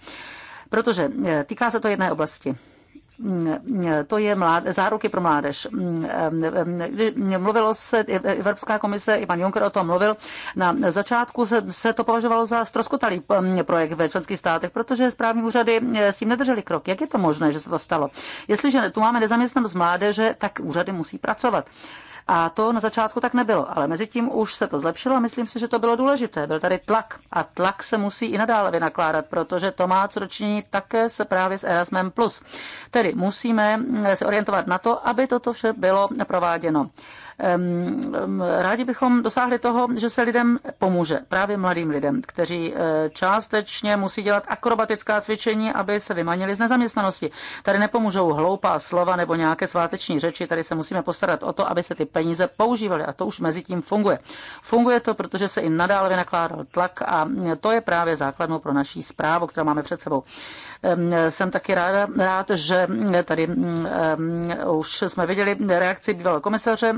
[SPEAKER 1] Protože e, týká se to jedné oblasti e, e, to je mládež, záruky pro mládež. Mluvilo se, Evropská komise, i pan Juncker o tom mluvil, na začátku se, se to považovalo za stroskotalý projekt ve členských státech, protože správní úřady s tím nedrželi krok. Jak je to možné, že se to stalo? Jestliže tu máme nezaměstnanost mládeže, tak úřady musí pracovat. A to na začátku tak nebylo, ale mezi tím už se to zlepšilo a myslím si, že to bylo důležité. Byl tady tlak a tlak se musí i nadále vynakládat, protože to má co dočinit také se právě s Erasmem+. Tedy musíme se orientovat na to, aby toto vše bylo prováděno. Rádi bychom dosáhli toho, že se lidem pomůže, právě mladým lidem, kteří eh, částečně musí dělat akrobatická cvičení, aby se vymanili z nezaměstnanosti. Tady nepomůžou hloupá slova nebo nějaké sváteční řeči, tady se musíme postarat o to, aby se ty peníze používaly a to už mezi tím funguje. Funguje to, protože se i nadále vynakládal tlak a to je právě základnou pro naší zprávu, kterou máme před sebou. Jsem taky ráda, rád, že tady mm, už jsme viděli reakci bývalého komisaře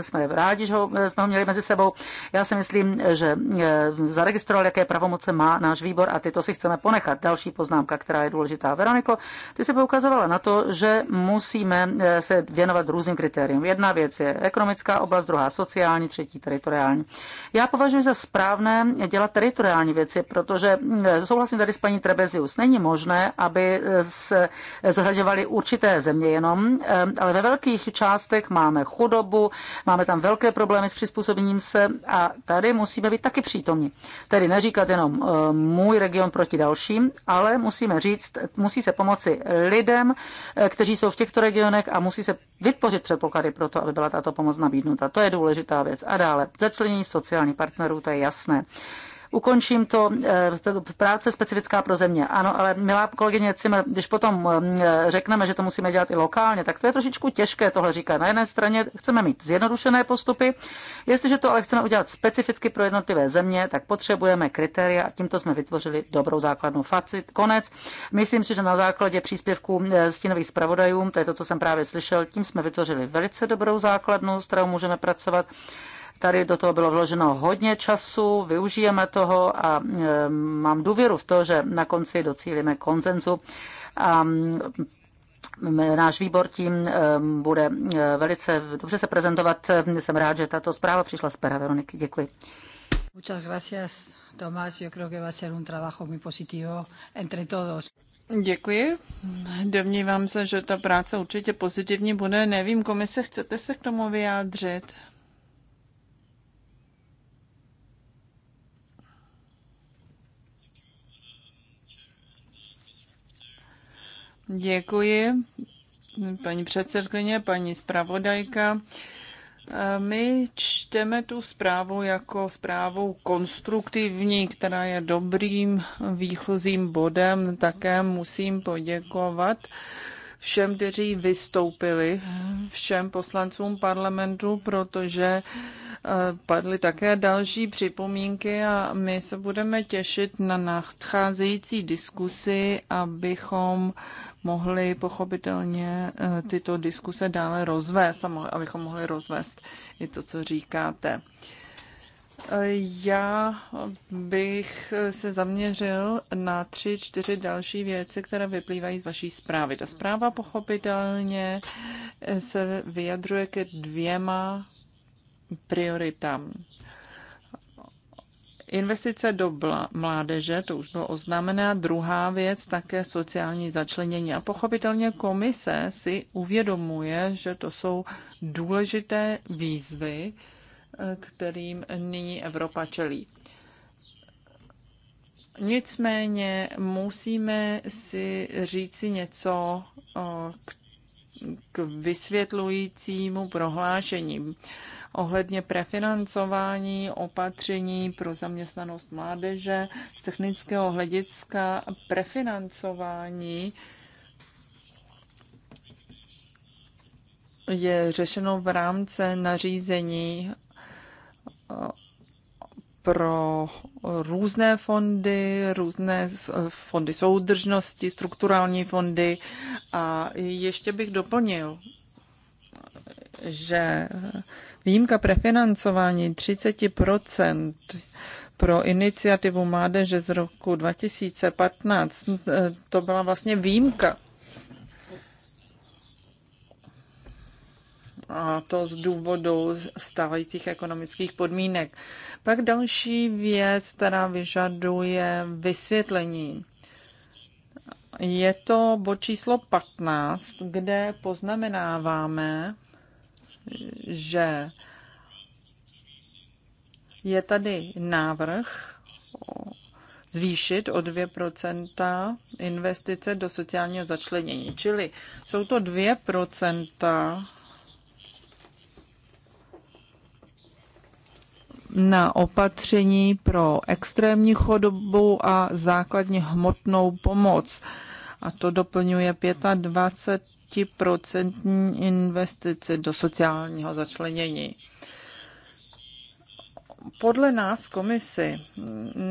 [SPEAKER 1] jsme rádi, že ho, eh, jsme ho měli mezi sebou. Já si myslím, že eh, zaregistroval, jaké pravomoce má náš výbor a tyto si chceme ponechat. Další poznámka, která je důležitá. Veroniko, ty se poukazovala na to, že musíme eh, se věnovat různým kritériím. Jedna věc je ekonomická oblast, druhá sociální, třetí teritoriální. Já považuji za správné dělat teritoriální věci, protože souhlasím tady s paní Trebezius. Není možné, aby se zohledňovaly určité země jenom, ale ve velkých částech máme chudobu, Máme tam velké problémy s přizpůsobením se a tady musíme být taky přítomní. Tedy neříkat jenom eh, můj region proti dalším, ale musíme říct, musí se pomoci lidem, eh, kteří jsou v těchto regionech a musí se vytvořit předpoklady pro to, aby byla tato pomoc nabídnuta. To je důležitá věc. A dále, začlenění sociálních partnerů, to je jasné ukončím eh, to, práce specifická pro země. Ano, ale milá kolegyně Cimer, když potom eh, řekneme, že to musíme dělat i lokálně, tak to je trošičku těžké tohle říkat. Na jedné straně chceme mít zjednodušené postupy, jestliže to ale chceme udělat specificky pro jednotlivé země, tak potřebujeme kritéria a tímto jsme vytvořili dobrou základnu. Facit, konec. Myslím si, že na základě příspěvků eh, stínových zpravodajům, to je to, co jsem právě slyšel, tím jsme vytvořili velice dobrou základnu, s kterou můžeme pracovat. Tady do toho bylo vloženo hodně času, využijeme toho a e, mám důvěru v to, že na konci docílíme konsenzu. A náš výbor tím e, bude e, velice dobře se prezentovat. Jsem rád, že tato zpráva přišla z pera Veroniky. Děkuji. Muchas gracias, Tomás. Yo creo que va a ser un trabajo muy positivo entre todos.
[SPEAKER 3] Děkuji. Domnívám se, že ta práce určitě pozitivní bude. Nevím, komise, chcete se k tomu vyjádřit? Děkuji, paní předsedkyně, paní zpravodajka. Eh, my čteme tu zprávu jako zprávu konstruktivní, která je dobrým výchozím bodem. Také musím poděkovat všem, kteří vystoupili, všem poslancům parlamentu, protože eh, padly také další připomínky a my se budeme těšit na nadcházející diskusy, abychom mohli pochopitelně eh, tyto diskuse dále rozvést a abychom mohli rozvést i to, co říkáte. Já bych se zaměřil na tři, čtyři další věci, které vyplývají z vaší zprávy. Ta zpráva pochopitelně se vyjadřuje ke dvěma prioritám. Investice do mládeže, to už bylo oznámené. A druhá věc, také sociální začlenění. A pochopitelně komise si uvědomuje, že to jsou důležité výzvy, kterým nyní Evropa čelí. Nicméně musíme si říci něco k vysvětlujícímu prohlášení ohledně prefinancování opatření pro zaměstnanost mládeže z technického hlediska prefinancování je řešeno v rámci nařízení pro různé fondy, různé fondy soudržnosti, strukturální fondy. A ještě bych doplnil, že výjimka prefinancování 30 pro iniciativu mládeže z roku 2015, to byla vlastně výjimka a to z důvodu stávajících ekonomických podmínek. Pak další věc, která vyžaduje vysvětlení. Je to bod číslo 15, kde poznamenáváme, že je tady návrh zvýšit o 2% investice do sociálního začlenění. Čili jsou to 2% na opatření pro extrémní chodobu a základně hmotnou pomoc. A to doplňuje 25% investice do sociálního začlenění. Podle nás komisi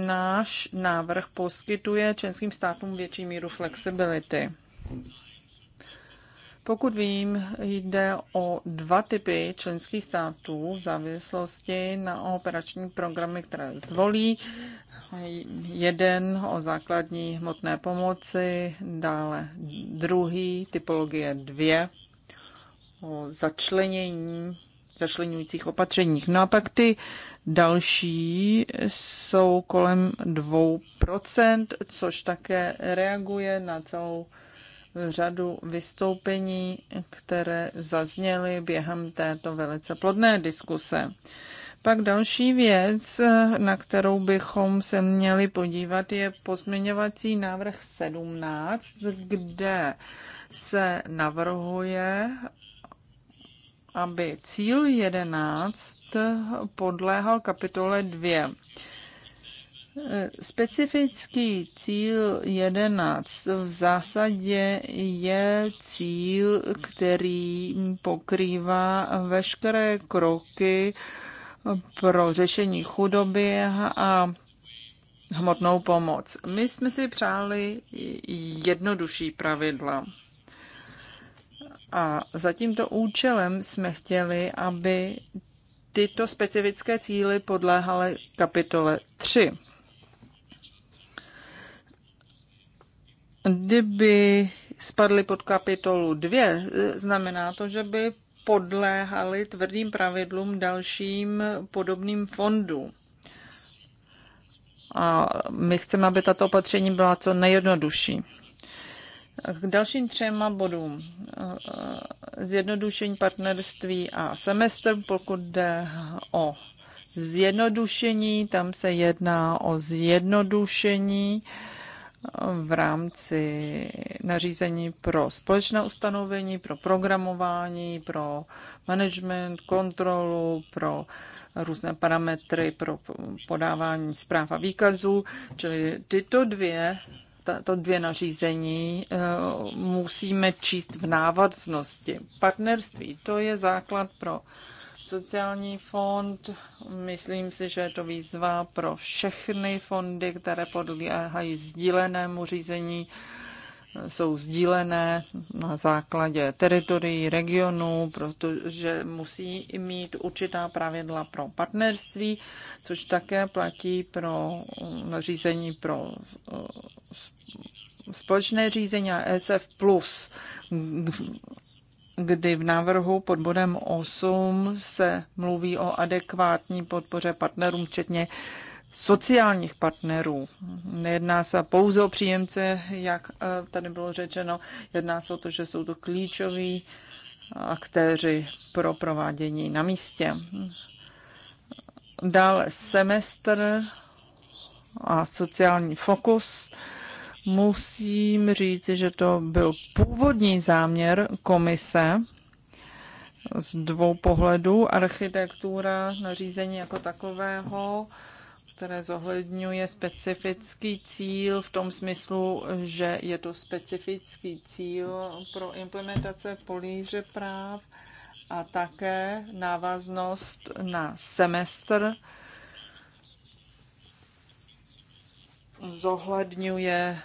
[SPEAKER 3] náš návrh poskytuje členským státům větší míru flexibility. Pokud vím, jde o dva typy členských států v závislosti na operační programy, které zvolí. Jeden o základní hmotné pomoci, dále druhý, typologie dvě, o začlenění, začlenujících opatřeních. No a pak ty další jsou kolem 2%, což také reaguje na celou řadu vystoupení, které zazněly během této velice plodné diskuse. Pak další věc, na kterou bychom se měli podívat, je pozměňovací návrh 17, kde se navrhuje, aby cíl 11 podléhal kapitole 2. Eh, specifický cíl 11 v zásadě je cíl, který pokrývá veškeré kroky pro řešení chudoby a hmotnou pomoc. My jsme si přáli jednodušší pravidla. A za tímto účelem jsme chtěli, aby tyto specifické cíly podléhaly kapitole 3. Kdyby spadly pod kapitolu 2, znamená to, že by podléhaly tvrdým pravidlům dalším podobným fondům. A my chceme, aby tato opatření byla co nejjednodušší. K dalším třema bodům. Zjednodušení partnerství a semestr, pokud jde o zjednodušení, tam se jedná o zjednodušení v rámci nařízení pro společné ustanovení, pro programování, pro management, kontrolu, pro různé parametry, pro podávání zpráv a výkazů. Čili tyto dvě, tato dvě nařízení eh, musíme číst v návaznosti. Partnerství, to je základ pro sociální fond. Myslím si, že je to výzva pro všechny fondy, které podléhají sdílenému řízení, jsou sdílené na základě teritorií, regionu, protože musí mít určitá pravidla pro partnerství, což také platí pro mm, řízení pro mm, společné řízení a ESF+ kdy v návrhu pod bodem 8 se mluví o adekvátní podpoře partnerům, včetně sociálních partnerů. Nejedná se pouze o příjemce, jak eh, tady bylo řečeno, jedná se o to, že jsou to klíčoví aktéři pro provádění na místě. Dále semestr a sociální fokus. Musím říct, že to byl původní záměr komise z dvou pohledů. Architektura nařízení jako takového, které zohledňuje specifický cíl v tom smyslu, že je to specifický cíl pro implementace políře práv a také návaznost na semestr zohledňuje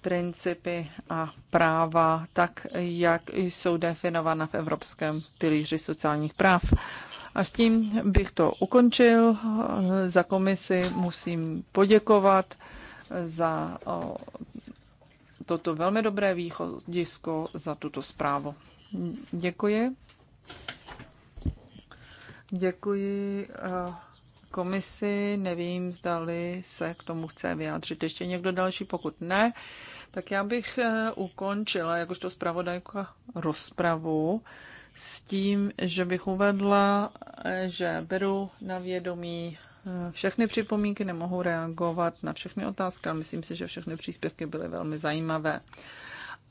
[SPEAKER 3] principy a práva tak, jak jsou definována v Evropském pilíři sociálních práv. A s tím bych to ukončil. Za komisi musím poděkovat za toto velmi dobré východisko, za tuto zprávu. Děkuji. Děkuji eh, komisi. Nevím, zdali se k tomu chce vyjádřit ještě někdo další. Pokud ne, tak já bych eh, ukončila jakožto zpravodajka rozpravu s tím, že bych uvedla, eh, že beru na vědomí eh, všechny připomínky, nemohu reagovat na všechny otázky, ale myslím si, že všechny příspěvky byly velmi zajímavé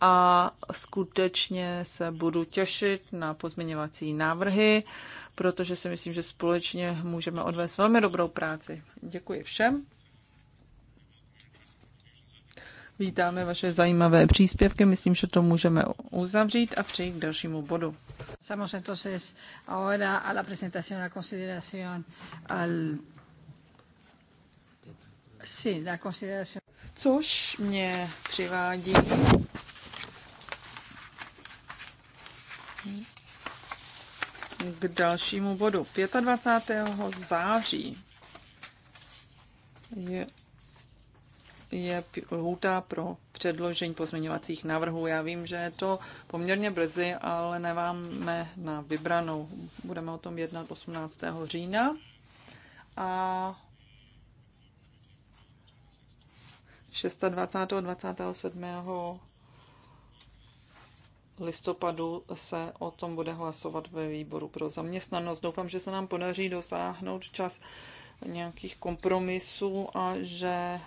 [SPEAKER 3] a skutečně se budu těšit na pozměňovací návrhy, protože si myslím, že společně můžeme odvést velmi dobrou práci. Děkuji všem. Vítáme vaše zajímavé příspěvky. Myslím, že to můžeme uzavřít a přejít k dalšímu bodu. Pasamos entonces ahora a la presentación, a consideración, al... Sí, la consideración. Což mě přivádí k dalšímu bodu. 25. září je, je lhůta pro předložení pozměňovacích návrhů. Já vím, že je to poměrně brzy, ale neváme na vybranou. Budeme o tom jednat 18. října. A 26. 27 listopadu se o tom bude hlasovat ve výboru pro zaměstnanost. Doufám, že se nám podaří dosáhnout čas nějakých kompromisů a že eh,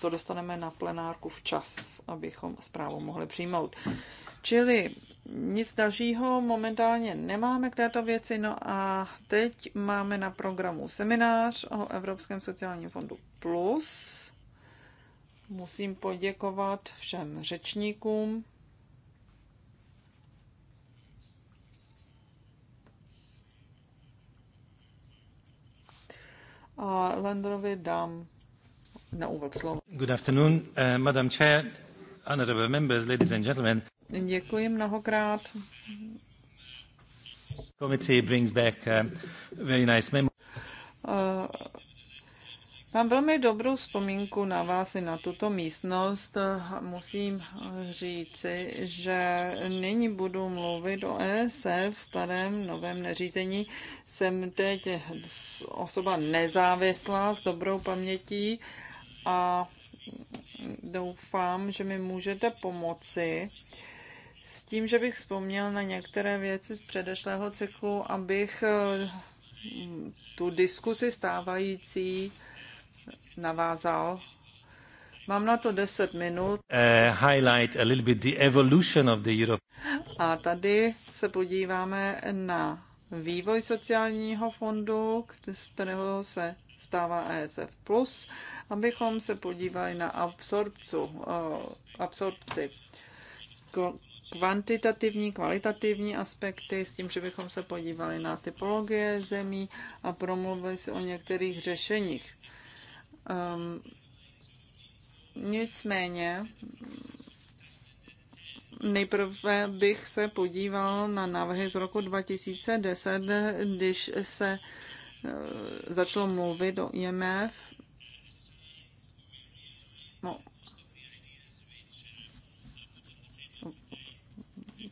[SPEAKER 3] to dostaneme na plenárku včas, abychom zprávu mohli přijmout. Čili nic dalšího momentálně nemáme k této věci, no a teď máme na programu seminář o Evropském sociálním fondu Plus Musím poděkovat všem řečníkům. A Landrovi dám na úvod slovo. Good afternoon, uh, Madam Chair, honorable members, ladies and gentlemen. Děkuji mnohokrát. Committee brings back uh, very nice memories. Uh, Mám velmi dobrou vzpomínku na vás i na tuto místnost. Musím říci, že nyní budu mluvit o ESF, e starém novém neřízení. Jsem teď osoba nezávislá s dobrou pamětí a doufám, že mi můžete pomoci s tím, že bych vzpomněl na některé věci z předešlého cyklu, abych tu diskusi stávající navázal. Mám na to 10 minut. Uh, highlight a little bit the evolution of the Europe. A tady se podíváme na vývoj sociálního fondu, z kterého se stává ESF+, abychom se podívali na absorpcu, eh, absorpci kvantitativní, kvalitativní aspekty, s tím, že bychom se podívali na typologie zemí a promluvili si o některých řešeních. Um, nicméně nejprve bych se podíval na návrhy z roku 2010, když se eh, začalo mluvit o IMF. No,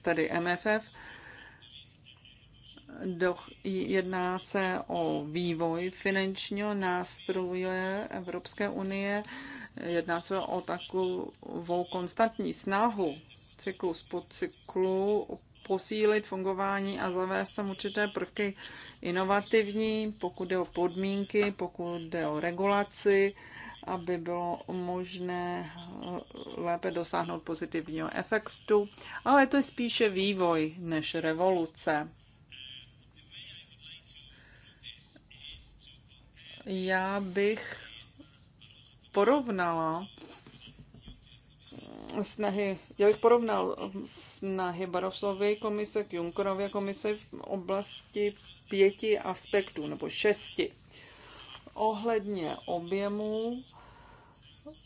[SPEAKER 3] tady MFF Doch jedná se o vývoj finančního nástroje Evropské unie. Jedná se o takovou konstantní snahu cyklus po cyklu posílit fungování a zavést tam určité prvky inovativní, pokud jde o podmínky, pokud jde o regulaci, aby bylo možné lépe dosáhnout pozitivního efektu. Ale to je spíše vývoj než revoluce. Já bych porovnala snahy, já bych porovnal snahy Baroslovy komise k Junkerově komise v oblasti pěti aspektů, nebo šesti. Ohledně objemu,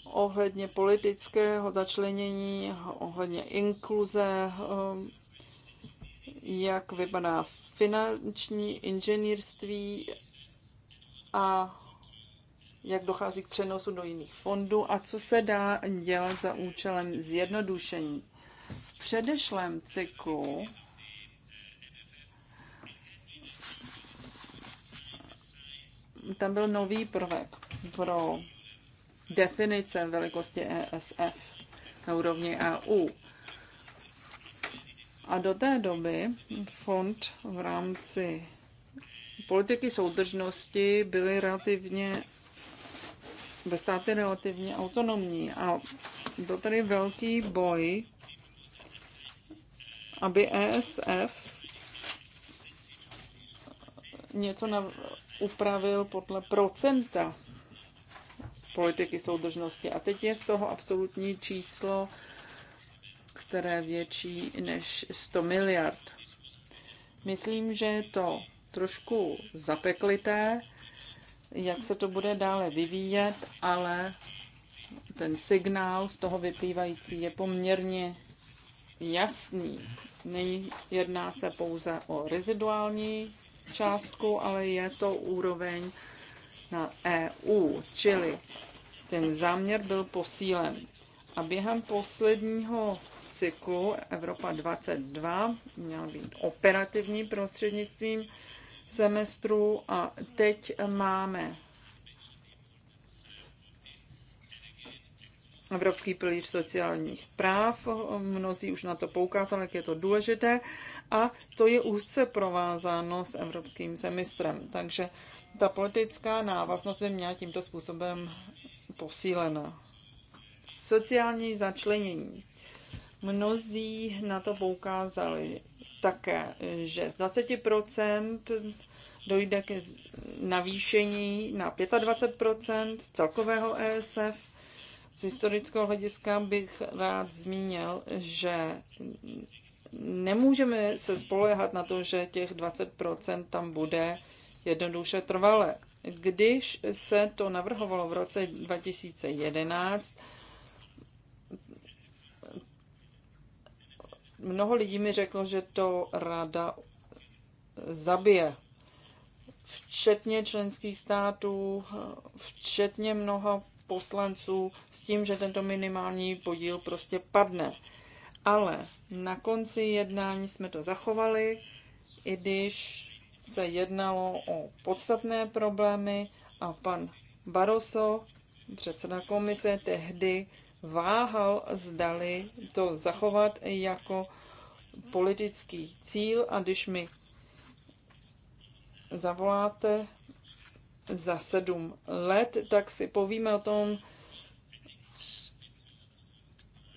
[SPEAKER 3] ohledně politického začlenění, ohledně inkluze, eh, jak vypadá finanční inženýrství a jak dochází k přenosu do jiných fondů a co se dá dělat za účelem zjednodušení. V předešlém cyklu tam byl nový prvek pro definice velikosti ESF na úrovni EU. A do té doby fond v rámci Politiky soudržnosti byly relativně ve státy relativně autonomní a byl tady velký boj, aby ESF něco na, upravil podle procenta z politiky soudržnosti. A teď je z toho absolutní číslo, které je větší než 100 miliard. Myslím, že to trošku zapeklité, jak se to bude dále vyvíjet, ale ten signál z toho vyplývající je poměrně jasný. Nejedná se pouze o reziduální částku, ale je to úroveň na EU, čili ten záměr byl posílen. A během posledního cyklu Evropa 22 měl být operativní prostřednictvím semestru a teď máme Evropský pilíř sociálních práv, mnozí už na to poukázali, jak je to důležité a to je úzce provázáno s evropským semestrem. Takže ta politická návaznost by měla tímto způsobem posílena. Sociální začlenění. Mnozí na to poukázali také, že z 20% dojde ke navýšení na 25% z celkového ESF. Z historického hlediska bych rád zmínil, že nemůžeme se spolehat na to, že těch 20% tam bude jednoduše trvale. Když se to navrhovalo v roce 2011, Mnoho lidí mi řeklo, že to rada zabije. Včetně členských států, včetně mnoha poslanců, s tím, že tento minimální podíl prostě padne. Ale na konci jednání jsme to zachovali, i když se jednalo o podstatné problémy a pan Barroso, předseda komise, tehdy váhal, zdali to zachovat jako politický cíl a když mi zavoláte za sedm let, tak si povíme o tom,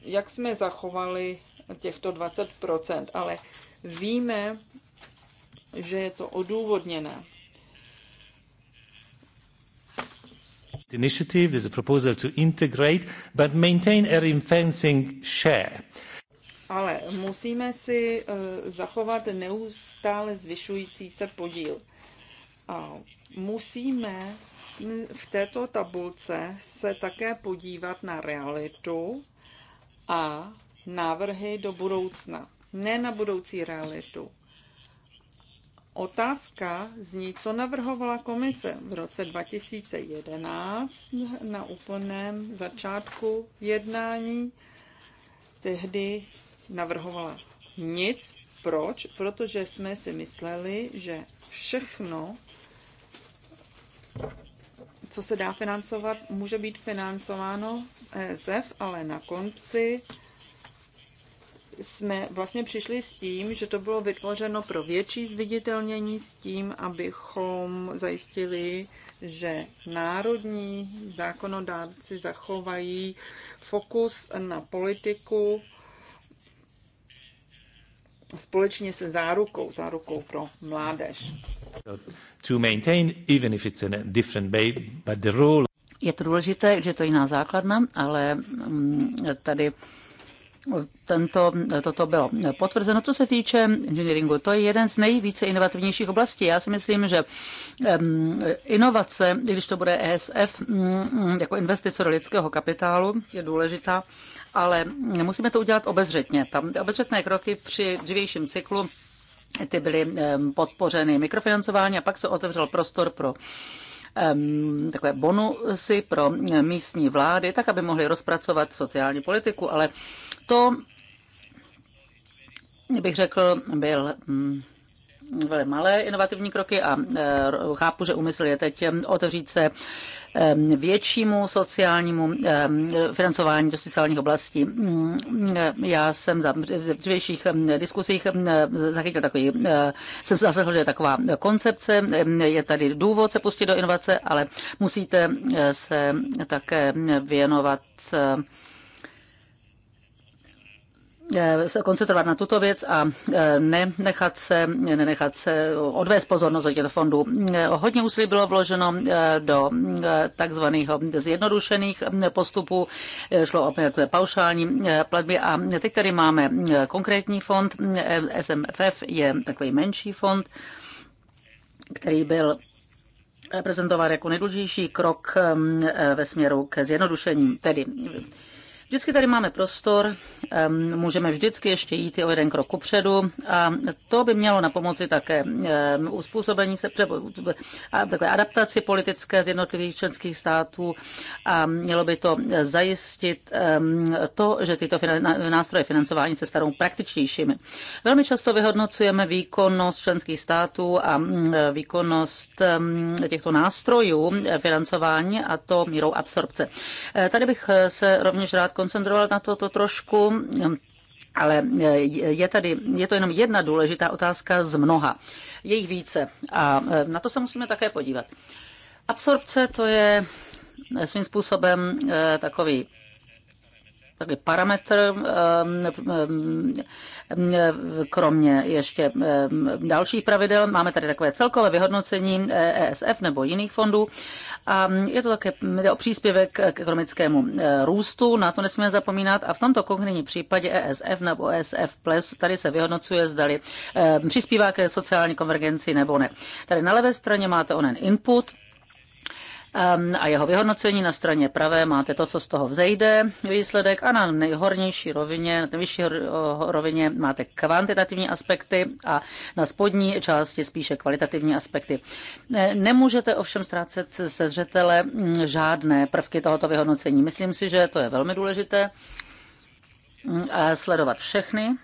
[SPEAKER 3] jak jsme zachovali těchto 20%, ale víme, že je to odůvodněné. initiative. is a proposal to integrate, but maintain a ring-fencing share. Ale musíme si uh, zachovat neustále zvyšující se podíl. A musíme v této tabulce se také podívat na realitu a návrhy do budoucna. Ne na budoucí realitu, Otázka zní, co navrhovala komise v roce 2011 na úplném začátku jednání. Tehdy navrhovala nic. Proč? Protože jsme si mysleli, že všechno, co se dá financovat, může být financováno z ESF, ale na konci jsme vlastně přišli s tím, že to bylo vytvořeno pro větší zviditelnění s tím, abychom zajistili, že národní zákonodárci zachovají fokus na politiku společně se zárukou,
[SPEAKER 1] zárukou pro mládež.
[SPEAKER 3] To maintain, even if it's in a different way, but the role...
[SPEAKER 1] Je to důležité, že to je jiná základna, ale mm, tady tento, toto bylo potvrzeno. Co se týče engineeringu, to je jeden z nejvíce inovativnějších oblastí. Já si myslím, že inovace, když to bude ESF, mm, mm, jako investice do lidského kapitálu je důležitá, ale musíme to udělat obezřetně. Tam obezřetné kroky při dřívějším cyklu ty byly podpořeny mikrofinancování a pak se otevřel prostor pro takové bonusy pro místní vlády, tak aby mohly rozpracovat sociální politiku, ale to bych řekl, byl mm, velmi malé inovativní kroky a e, chápu, že úmysl je teď e, otevřít se e, většímu sociálnímu financování do sociálních oblastí. Mm, já jsem za, v dřívějších diskusích zachytil takový, jsem se zasehl, že je taková koncepce, je tady důvod se pustit do inovace, ale musíte se také věnovat Eh, se koncentrovat na tuto věc a eh, nenechat se, nenechat se odvést pozornost od těchto fondů. Eh, hodně úsilí bylo vloženo do takzvaných zjednodušených postupů. Šlo o paušální platby a teď tady máme konkrétní fond. SMFF je takový menší fond, který byl prezentovat jako nejdůležitější krok ve směru k zjednodušení. Tedy Vždycky tady máme prostor, můžeme vždycky ještě jít o jeden krok kupředu a to by mělo na pomoci také uspůsobení se, takové adaptaci politické z jednotlivých členských států a mělo by to zajistit to, že tyto nástroje financování se starou praktičtějšími. Velmi často vyhodnocujeme výkonnost členských států a mm, výkonnost těchto nástrojů financování a to mírou absorpce. E, tady bych se rovněž rád koncentrovat na toto trošku. Ale je tady, je to jenom jedna důležitá otázka z mnoha. Je jich více a e, na to se musíme také podívat. Absorpce to je svým způsobem e, takový takový parametr, ehm, ehm, kromě ještě ehm, dalších pravidel. Máme tady takové celkové vyhodnocení ESF nebo jiných fondů a je to také jde o příspěvek k ekonomickému e, růstu, na to nesmíme zapomínat a v tomto konkrétním případě ESF nebo ESF+, plus tady se vyhodnocuje, zdali přispívá ke sociální konvergenci nebo ne. Tady na levé straně máte onen input, Ehm, a jeho vyhodnocení na straně pravé máte to, co z toho vzejde, výsledek a na nejhornější rovině, na té vyšší rovině máte kvantitativní aspekty a na spodní části spíše kvalitativní aspekty. Nemůžete ovšem ztrácet se zřetele mm, žádné prvky tohoto vyhodnocení. Myslím si, že to je velmi důležité mm, sledovat všechny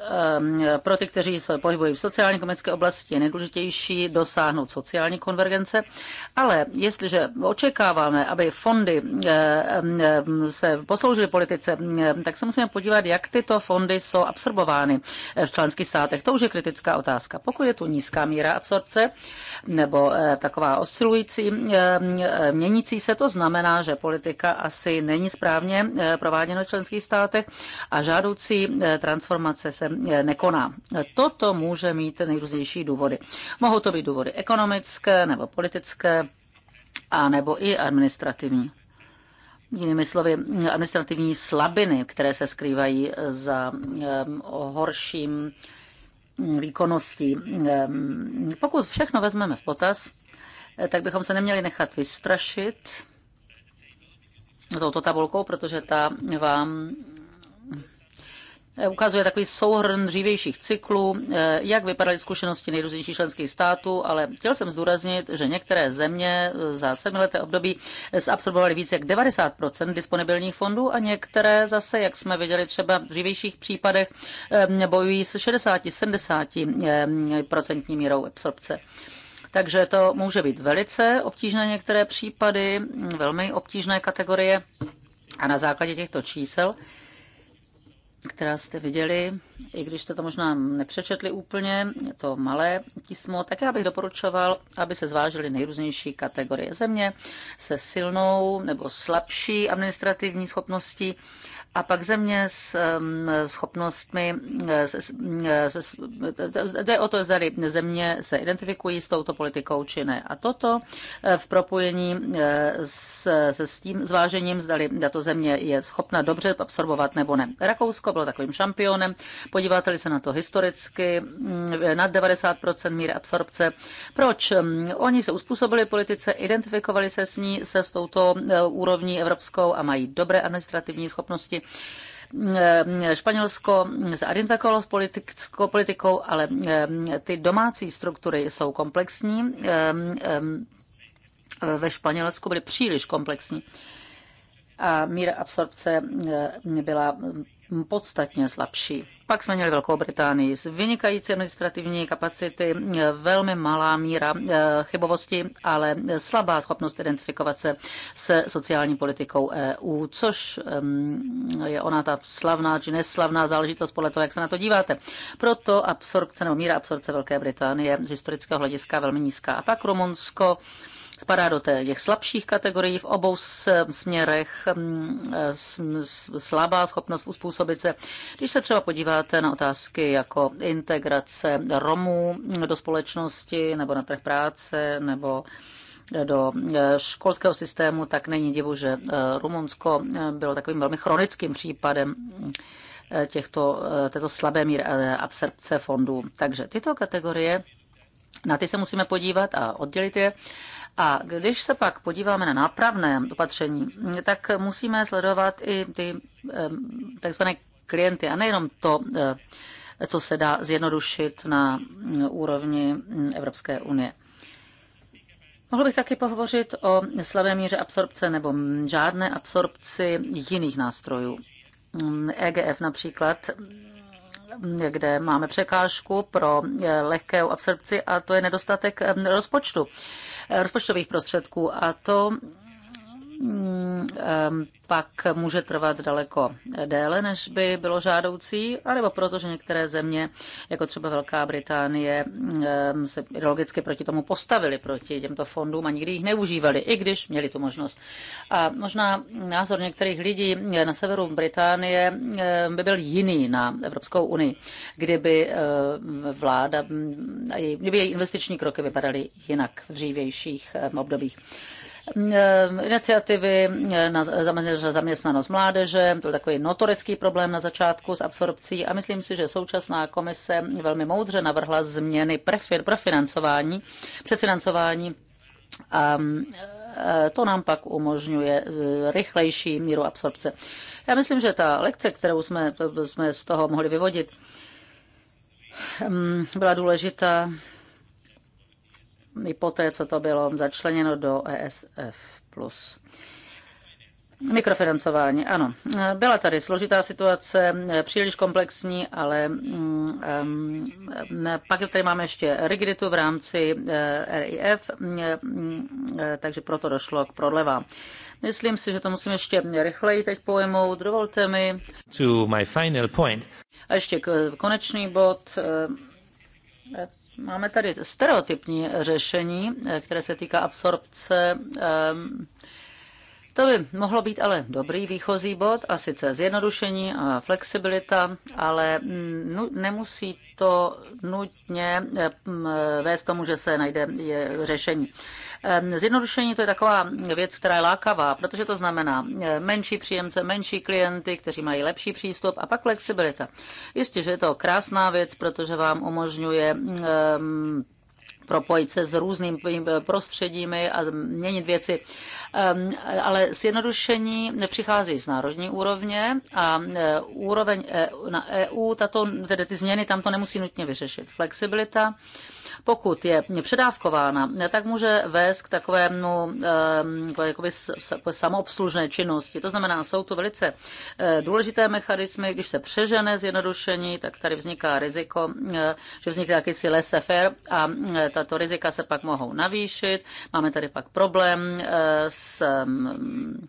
[SPEAKER 1] Ehm, pro ty, kteří se pohybují v sociální komické oblasti, je nejdůležitější dosáhnout sociální konvergence. Ale jestliže očekáváme, aby fondy ehm, ehm, se posloužily politice, tak se musíme podívat, jak tyto fondy jsou absorbovány v členských státech. To už je kritická otázka. Pokud je tu nízká míra absorpce nebo eh, taková oscilující, eh, měnící se, to znamená, že politika asi není správně eh, prováděna v členských státech a žádoucí transformace se se e, nekoná. Toto může mít nejrůznější důvody. Mohou to být důvody ekonomické nebo politické, a nebo i administrativní. Jinými slovy, administrativní slabiny, které se skrývají za e, horším výkonností. E, pokud všechno vezmeme v potaz, tak bychom se neměli nechat vystrašit touto tabulkou, protože ta vám Eh, ukazuje takový souhrn dřívějších cyklů, eh, jak vypadaly zkušenosti nejrůznějších členských států, ale chtěl jsem zdůraznit, že některé země eh, za sedmileté období zabsorbovaly více jak 90 disponibilních fondů a některé zase, jak jsme viděli třeba v dřívějších případech, bojují s 60-70 mírou absorpce. Takže to může být velice obtížné některé případy, mm, velmi obtížné kategorie. A na základě těchto čísel která jste viděli, i když jste to možná nepřečetli úplně, je to malé písmo, tak já bych doporučoval, aby se zvážily nejrůznější kategorie země se silnou nebo slabší administrativní schopností a pak země s schopnostmi, e, e, e, jde o to, zda země se identifikují s touto politikou či ne. A toto v propojení s, se s tím zvážením, zda tato země je schopna dobře absorbovat nebo ne. Rakousko bylo takovým šampionem, podíváte se na to historicky, nad 90% míry absorpce. Proč? Oni se uspůsobili politice, identifikovali se s ní, se s touto úrovní evropskou a mají dobré administrativní schopnosti Eh, Španělsko se identifikovalo s politickou politikou, ale eh, ty domácí struktury jsou komplexní. Eh, ve Španělsku byly příliš komplexní a míra absorpce byla podstatně slabší. Pak jsme měli Velkou Británii s vynikající administrativní kapacity, velmi malá míra chybovosti, ale slabá schopnost identifikovat se se sociální politikou EU, což je ona ta slavná či neslavná záležitost podle toho, jak se na to díváte. Proto absorpce nebo míra absorpce Velké Británie z historického hlediska velmi nízká. A pak Rumunsko, Spadá do těch slabších kategorií v obou směrech, mm, slabá schopnost uspůsobit se. Když se třeba podíváte na otázky jako integrace Romů do společnosti nebo na trh práce nebo do e, školského systému, tak není divu, že e, Rumunsko e, bylo takovým velmi chronickým případem těchto, této slabé míry absorpce fondů. Takže tyto kategorie, na ty se musíme podívat a oddělit je. A když se pak podíváme na nápravné opatření, tak musíme sledovat i ty takzvané klienty a nejenom to, eh, co se dá zjednodušit na mm, úrovni mm, Evropské unie. Mohl bych taky pohovořit o slabé míře absorpce nebo žádné absorpci jiných nástrojů. Mm, EGF například kde máme překážku pro eh, lehkou absorpci a to je nedostatek eh, rozpočtu, eh, rozpočtových prostředků a to Mm, pak může trvat daleko déle, než by bylo žádoucí, anebo proto, že některé země, jako třeba Velká Británie, se ideologicky proti tomu postavili, proti těmto fondům a nikdy jich neužívali, i když měli tu možnost. A možná názor některých lidí na severu Británie by byl jiný na Evropskou unii, kdyby vláda, kdyby její investiční kroky vypadaly jinak v dřívějších obdobích. Ehm, iniciativy eh, na zaměstnanost mládeže. To byl takový notorický problém na začátku s absorpcí a myslím si, že současná komise velmi moudře navrhla změny pro financování, předfinancování a eh, to nám pak umožňuje eh, rychlejší míru absorpce. Já myslím, že ta lekce, kterou jsme, jsme z toho mohli vyvodit, ehm, byla důležitá i poté, co to bylo začleněno do ESF+. Mikrofinancování, ano. Byla tady složitá situace, příliš komplexní, ale um, pak tady máme ještě rigiditu v rámci eh, RIF, eh, takže proto došlo k prodlevám. Myslím si, že to musím ještě rychleji teď pojmout. Dovolte mi. To my final point. A ještě konečný bod eh, Máme tady stereotypní řešení, eh, které se týká absorpce. Ehm, to by mohlo být ale dobrý výchozí bod, a sice zjednodušení a flexibilita, ale mm, nemusí to nutně eh, eh, vést tomu, že se najde řešení. Ehm, zjednodušení to je taková věc, která je lákavá, protože to znamená eh, menší příjemce, menší klienty, kteří mají lepší přístup a pak flexibilita. Jistě, že je to krásná věc, protože vám umožňuje ehm, propojit se s různými eh, prostředími a měnit věci. Ehm, ale sjednodušení přichází z národní úrovně a eh, úroveň na EU, tato, tedy ty změny tam to nemusí nutně vyřešit. Flexibilita pokud je předávkována, tak může vést k takovému ehm, jakoby samoobslužné činnosti. To znamená, jsou to velice eh, důležité mechanismy, když se přežene zjednodušení, tak tady vzniká riziko, eh, že vznikne jakýsi laissez-faire a eh, tato rizika se pak mohou navýšit. Máme tady pak problém s ehm,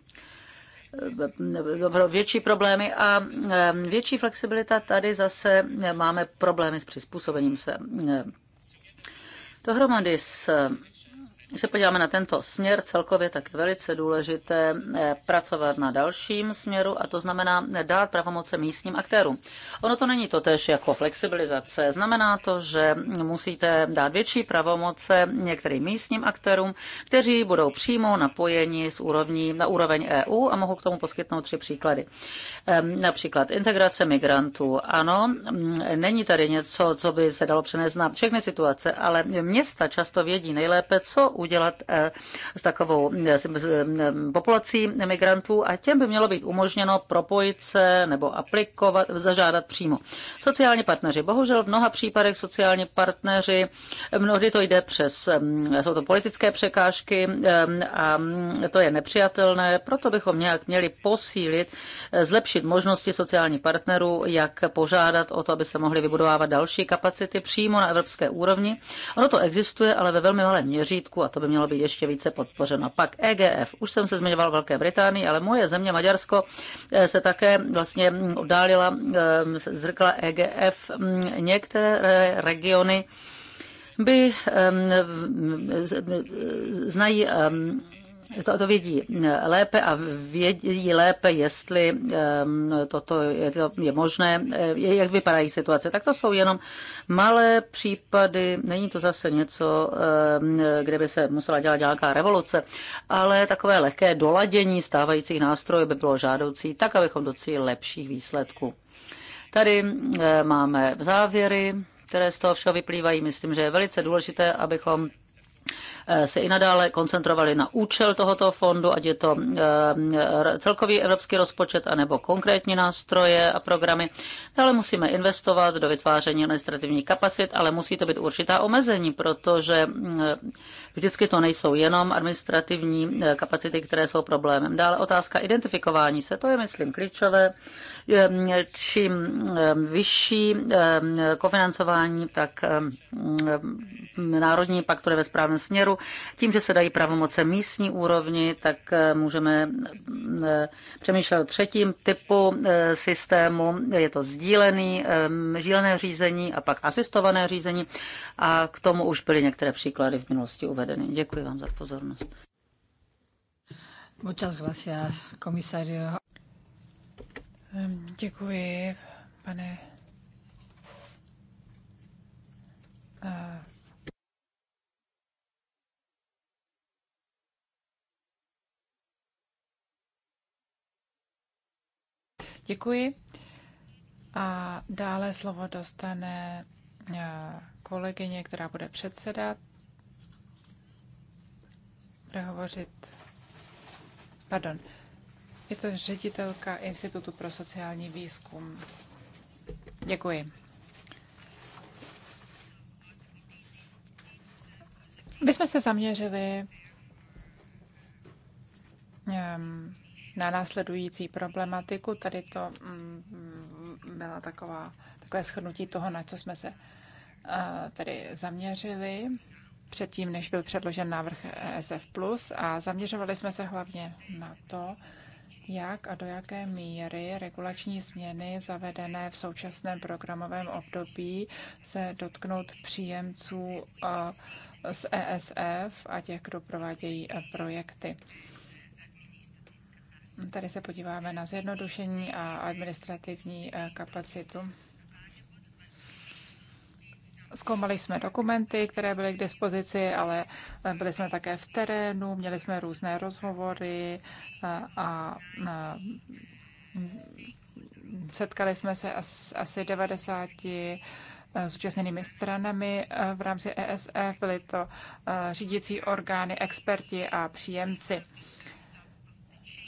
[SPEAKER 1] větší problémy a ehm, větší flexibilita tady zase máme problémy s přizpůsobením se dohromady s když se podíváme na tento směr, celkově tak je velice důležité eh, pracovat na dalším směru, a to znamená dát pravomoce místním aktérům. Ono to není to tež jako flexibilizace. Znamená to, že musíte dát větší pravomoce některým místním aktérům, kteří budou přímo napojeni z úrovní, na úroveň EU a mohu k tomu poskytnout tři příklady. Ehm, například integrace migrantů. Ano, mm, není tady něco, co by se dalo přenést na všechny situace, ale města často vědí nejlépe, co udělat eh, s takovou eh, eh, populací migrantů a těm by mělo být umožněno propojit se nebo aplikovat, zažádat přímo. Sociální partneři. Bohužel v mnoha případech sociální partneři, mnohdy to jde přes, jsou to politické překážky a mm, to je nepřijatelné, proto bychom nějak měli posílit, zlepšit možnosti sociálních partnerů, jak požádat o to, aby se mohly vybudovávat další kapacity přímo na evropské úrovni. Ono to existuje, ale ve velmi malém měřítku a a to by mělo být ještě více podpořeno. Pak EGF, už jsem se zmiňoval Velké Británii, ale moje země Maďarsko eh, se také vlastně mm, oddálila, eh, zrkla EGF. Mm, některé regiony by eh, znají to, to vědí eh, lépe a vědí lépe, jestli ehm, toto je, to je možné, eh, jak vypadají situace. Tak to jsou jenom malé případy, není to zase něco, ehm, kde by se musela dělat nějaká revoluce, ale takové lehké doladění stávajících nástrojů by bylo žádoucí, tak abychom docílili lepších výsledků. Tady eh, máme závěry, které z toho všeho vyplývají. Myslím, že je velice důležité, abychom Eh, se i nadále koncentrovali na účel tohoto fondu, ať je to eh, celkový evropský rozpočet anebo konkrétní nástroje a programy. Dále musíme investovat do vytváření administrativních kapacit, ale musí to být určitá omezení, protože mm, vždycky to nejsou jenom administrativní eh, kapacity, které jsou problémem. Dále otázka identifikování se, to je, myslím, klíčové čím vyšší kofinancování, tak národní pak to jde ve správném směru. Tím, že se dají pravomoce místní úrovni, tak eh, můžeme eh, přemýšlet o třetím typu eh, systému. Je to sdílený, sdílené řízení a pak asistované řízení. A k tomu už byly některé příklady v minulosti uvedeny. Děkuji vám za pozornost.
[SPEAKER 2] Muchas gracias, comisario. Děkuji, pane Děkuji. A dále slovo dostane kolegyně, která bude předsedat. Bude hovořit. Pardon. Je to ředitelka Institutu pro sociální výzkum. Děkuji. My jsme se zaměřili ehm, na následující problematiku. Tady to mm, byla taková, takové shrnutí toho, na co jsme se eh, tady zaměřili předtím, než byl předložen návrh SF+. A zaměřovali jsme se hlavně na to, jak a do jaké míry regulační změny zavedené v současném programovém období se dotknout příjemců z ESF a těch, kdo provádějí projekty. Tady se podíváme na zjednodušení a administrativní kapacitu. Zkoumali jsme dokumenty, které byly k dispozici, ale eh, byli jsme také v terénu, měli jsme různé rozhovory eh, a eh, setkali jsme se asi 90 zúčastněnými stranami v rámci ESF. Byly to řídící orgány, experti a příjemci.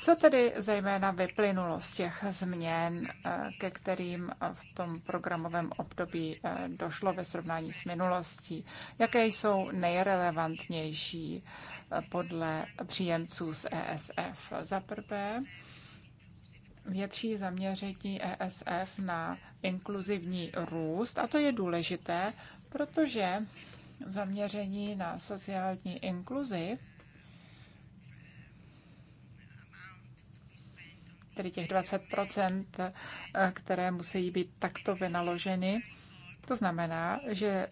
[SPEAKER 2] Co tedy zejména vyplynulo z těch změn, eh, ke kterým eh, v tom programovém období eh, došlo ve srovnání s minulostí? Jaké jsou nejrelevantnější podle příjemců z ESF? Za prvé, větší zaměření ESF na inkluzivní růst, a to je důležité, protože zaměření na sociální inkluzi tedy těch 20 které musí být takto vynaloženy. To znamená, že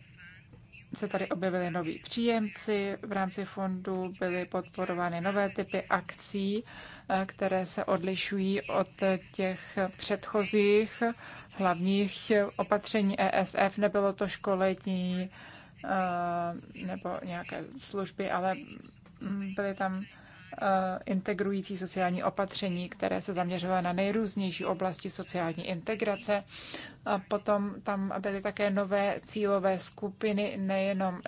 [SPEAKER 2] se tady objevili noví příjemci v rámci fondu, byly podporovány nové typy akcí, které se odlišují od těch předchozích hlavních opatření ESF. Nebylo to školení eh, nebo nějaké služby, ale byly tam integrující sociální opatření, které se zaměřovalo na nejrůznější oblasti sociální integrace. A potom tam byly také nové cílové skupiny, nejenom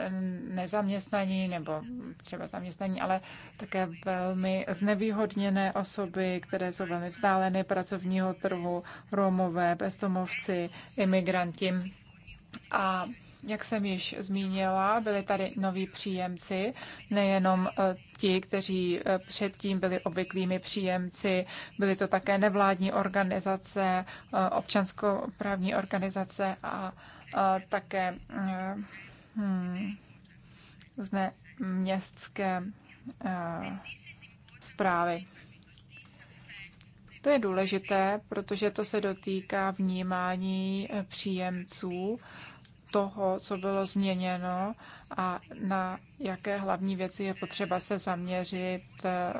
[SPEAKER 2] nezaměstnaní nebo třeba zaměstnaní, ale také velmi znevýhodněné osoby, které jsou velmi vzdálené pracovního trhu, Romové, bezdomovci, imigranti. A jak jsem již zmínila, byli tady noví příjemci, nejenom eh, ti, kteří eh, předtím byli obvyklými příjemci, byly to také nevládní organizace, eh, občanskoprávní organizace a také hmm, různé městské zprávy. To je důležité, protože to se dotýká vnímání příjemců toho, co bylo změněno a na jaké hlavní věci je potřeba se zaměřit eh,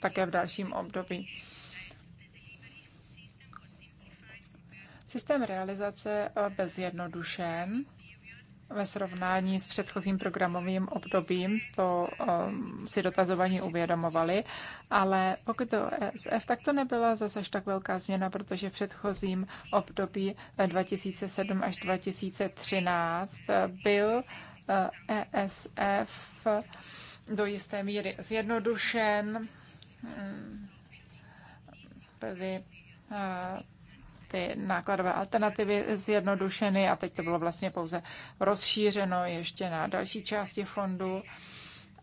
[SPEAKER 2] také v dalším období. Systém realizace eh, byl zjednodušen ve srovnání s předchozím programovým obdobím, to um, si dotazování uvědomovali, ale pokud to ESF, tak to nebyla zase až tak velká změna, protože v předchozím období 2007 eh, až 2013 eh, byl ESF eh, e do jisté míry zjednodušen, tedy mm, ty nákladové alternativy zjednodušeny a teď to bylo vlastně pouze rozšířeno ještě na další části fondu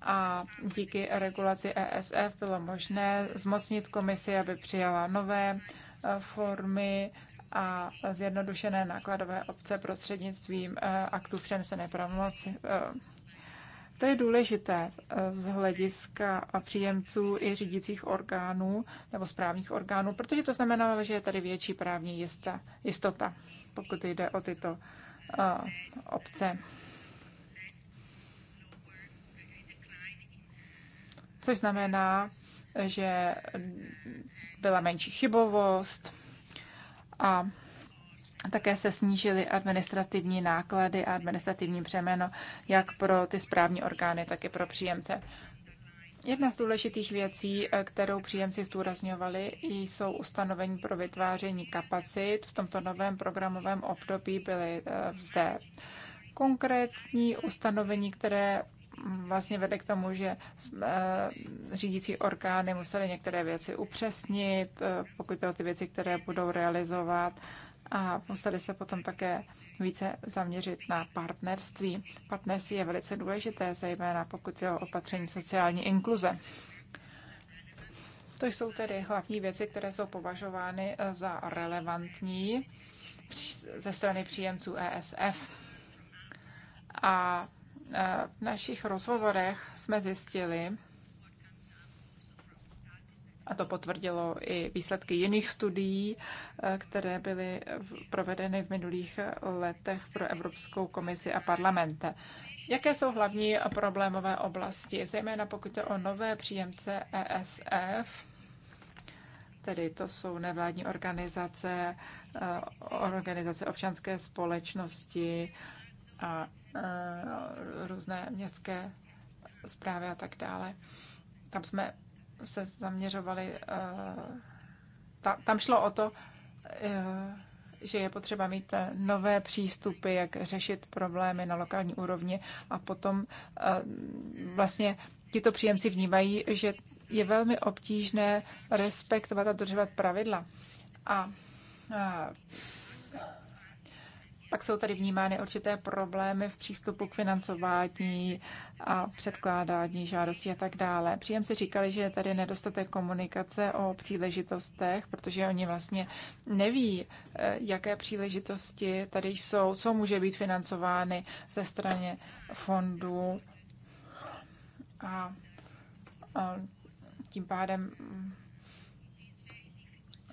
[SPEAKER 2] a díky regulaci ESF bylo možné zmocnit komisi, aby přijala nové e, formy a zjednodušené nákladové obce prostřednictvím e, aktů přenesené pravomoci e, to je důležité eh, z hlediska příjemců i řídících orgánů nebo správních orgánů, protože to znamená, že je tady větší právní jista, jistota, pokud jde o tyto uh, obce. Což znamená, že byla menší chybovost a také se snížily administrativní náklady a administrativní břemeno jak pro ty správní orgány, tak i pro příjemce. Jedna z důležitých věcí, eh, kterou příjemci zdůrazňovali, jsou ustanovení pro vytváření kapacit. V tomto novém programovém období byly eh, zde konkrétní ustanovení, které mm, vlastně vede k tomu, že eh, řídící orgány museli některé věci upřesnit, pokud to ty věci, které budou realizovat a museli se potom také více zaměřit na partnerství. Partnerství je velice důležité, zejména pokud je o opatření sociální inkluze. To jsou tedy hlavní věci, které jsou považovány e, za relevantní ze strany příjemců ESF. A e, v našich rozhovorech jsme zjistili, a to potvrdilo i výsledky jiných studií, eh, které byly provedeny v minulých letech pro Evropskou komisi a parlament. Jaké jsou hlavní problémové oblasti, zejména pokud je o nové příjemce ESF, tedy to jsou nevládní organizace, eh, organizace občanské společnosti a eh, různé městské zprávy a tak dále. Tam jsme se zaměřovali, eh, tam šlo o to, eh, že je potřeba mít eh, nové přístupy, jak řešit problémy na lokální úrovni a potom vlastně tito příjemci vnímají, že je velmi obtížné respektovat a dodržovat pravidla. A pak jsou tady vnímány určité problémy v přístupu k financování a předkládání žádostí a tak dále. Příjemci říkali, že je tady nedostatek komunikace o příležitostech, protože oni vlastně neví, eh, jaké příležitosti tady jsou, co může být financovány ze strany fondů. A, a tím pádem mm,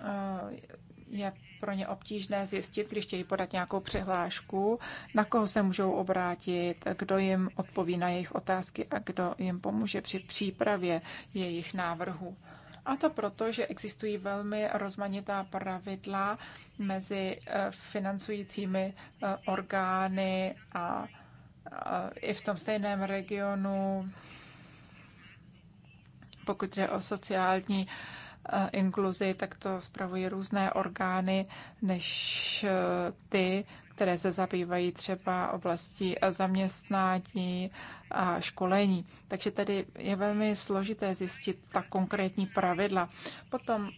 [SPEAKER 2] eh, je pro ně obtížné zjistit, když chtějí podat nějakou přihlášku, na koho se můžou obrátit, kdo jim odpoví na jejich otázky a kdo jim pomůže při přípravě jejich návrhu. A to proto, že existují velmi rozmanitá pravidla mezi eh, financujícími eh, orgány a eh, i v tom stejném regionu, pokud jde o sociální uh, inkluzi, tak to zpravují různé orgány než eh, ty, které se zabývají třeba oblastí zaměstnání a školení. Takže tady je velmi složité zjistit ta konkrétní pravidla. Potom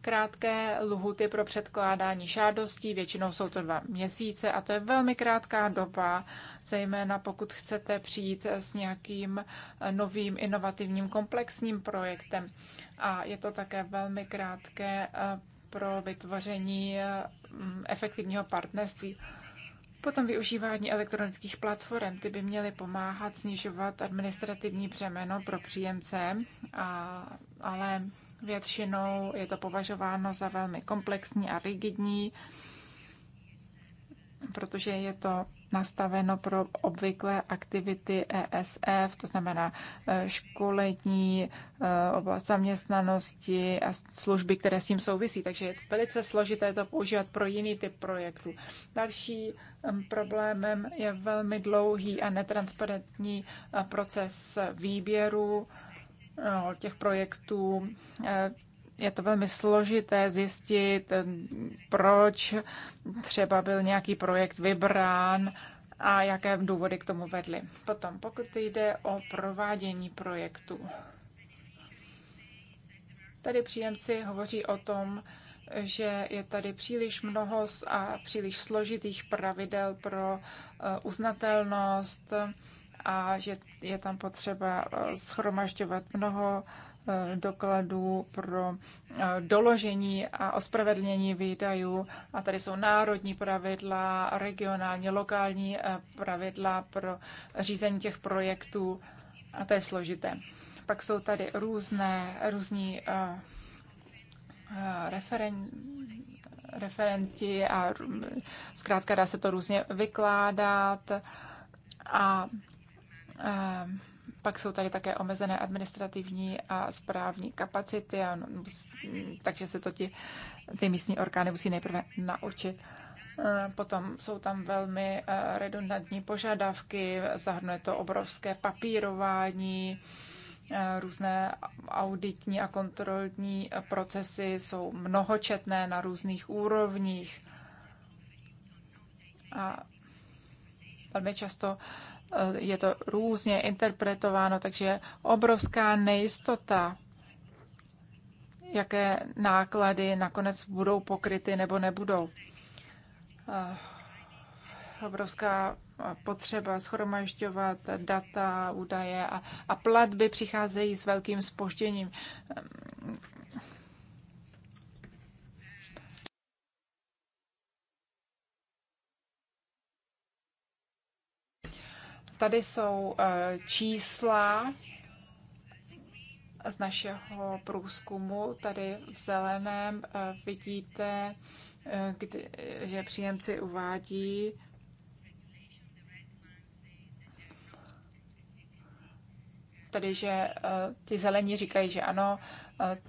[SPEAKER 2] krátké lhuty pro předkládání žádostí, většinou jsou to dva měsíce a to je velmi krátká doba, zejména pokud chcete přijít s nějakým novým inovativním komplexním projektem. A je to také velmi krátké pro vytvoření mm, efektivního partnerství. Potom využívání elektronických platform, ty by měly pomáhat snižovat administrativní břemeno pro příjemce, a, ale většinou je to považováno za velmi komplexní a rigidní, protože je to nastaveno pro obvyklé aktivity ESF, to znamená e, školení, e, oblast zaměstnanosti a služby, které s tím souvisí. Takže je velice složité to používat pro jiný typ projektů. Další problémem je velmi dlouhý a netransparentní e, proces výběru těch projektů, je to velmi složité zjistit, eh, proč třeba byl nějaký projekt vybrán a jaké důvody k tomu vedly. Potom, pokud jde o provádění projektu, tady příjemci hovoří o tom, že je tady příliš mnoho a příliš složitých pravidel pro eh, uznatelnost a že je tam potřeba eh, schromažďovat mnoho Eh, dokladů pro eh, doložení a ospravedlnění výdajů. A tady jsou národní pravidla, regionální, lokální eh, pravidla pro řízení těch projektů. A to je složité. Pak jsou tady různé, různí referen, referenti a zkrátka dá se to různě vykládat. A, a pak jsou tady také omezené administrativní a správní kapacity, a, no, takže se to ti, ty místní orgány musí nejprve naučit. Potom jsou tam velmi eh, redundantní požadavky, zahrnuje to obrovské papírování, eh, různé auditní a kontrolní eh, procesy jsou mnohočetné na různých úrovních. A velmi často Eh, je to různě interpretováno, takže obrovská nejistota, jaké náklady nakonec budou pokryty nebo nebudou. Eh, obrovská potřeba schromažďovat data, údaje a, a platby přicházejí s velkým spožděním. Tady jsou eh, čísla z našeho průzkumu. Tady v zeleném eh, vidíte, eh, kdy, že příjemci uvádí, tedy, že ti zelení říkají, že ano,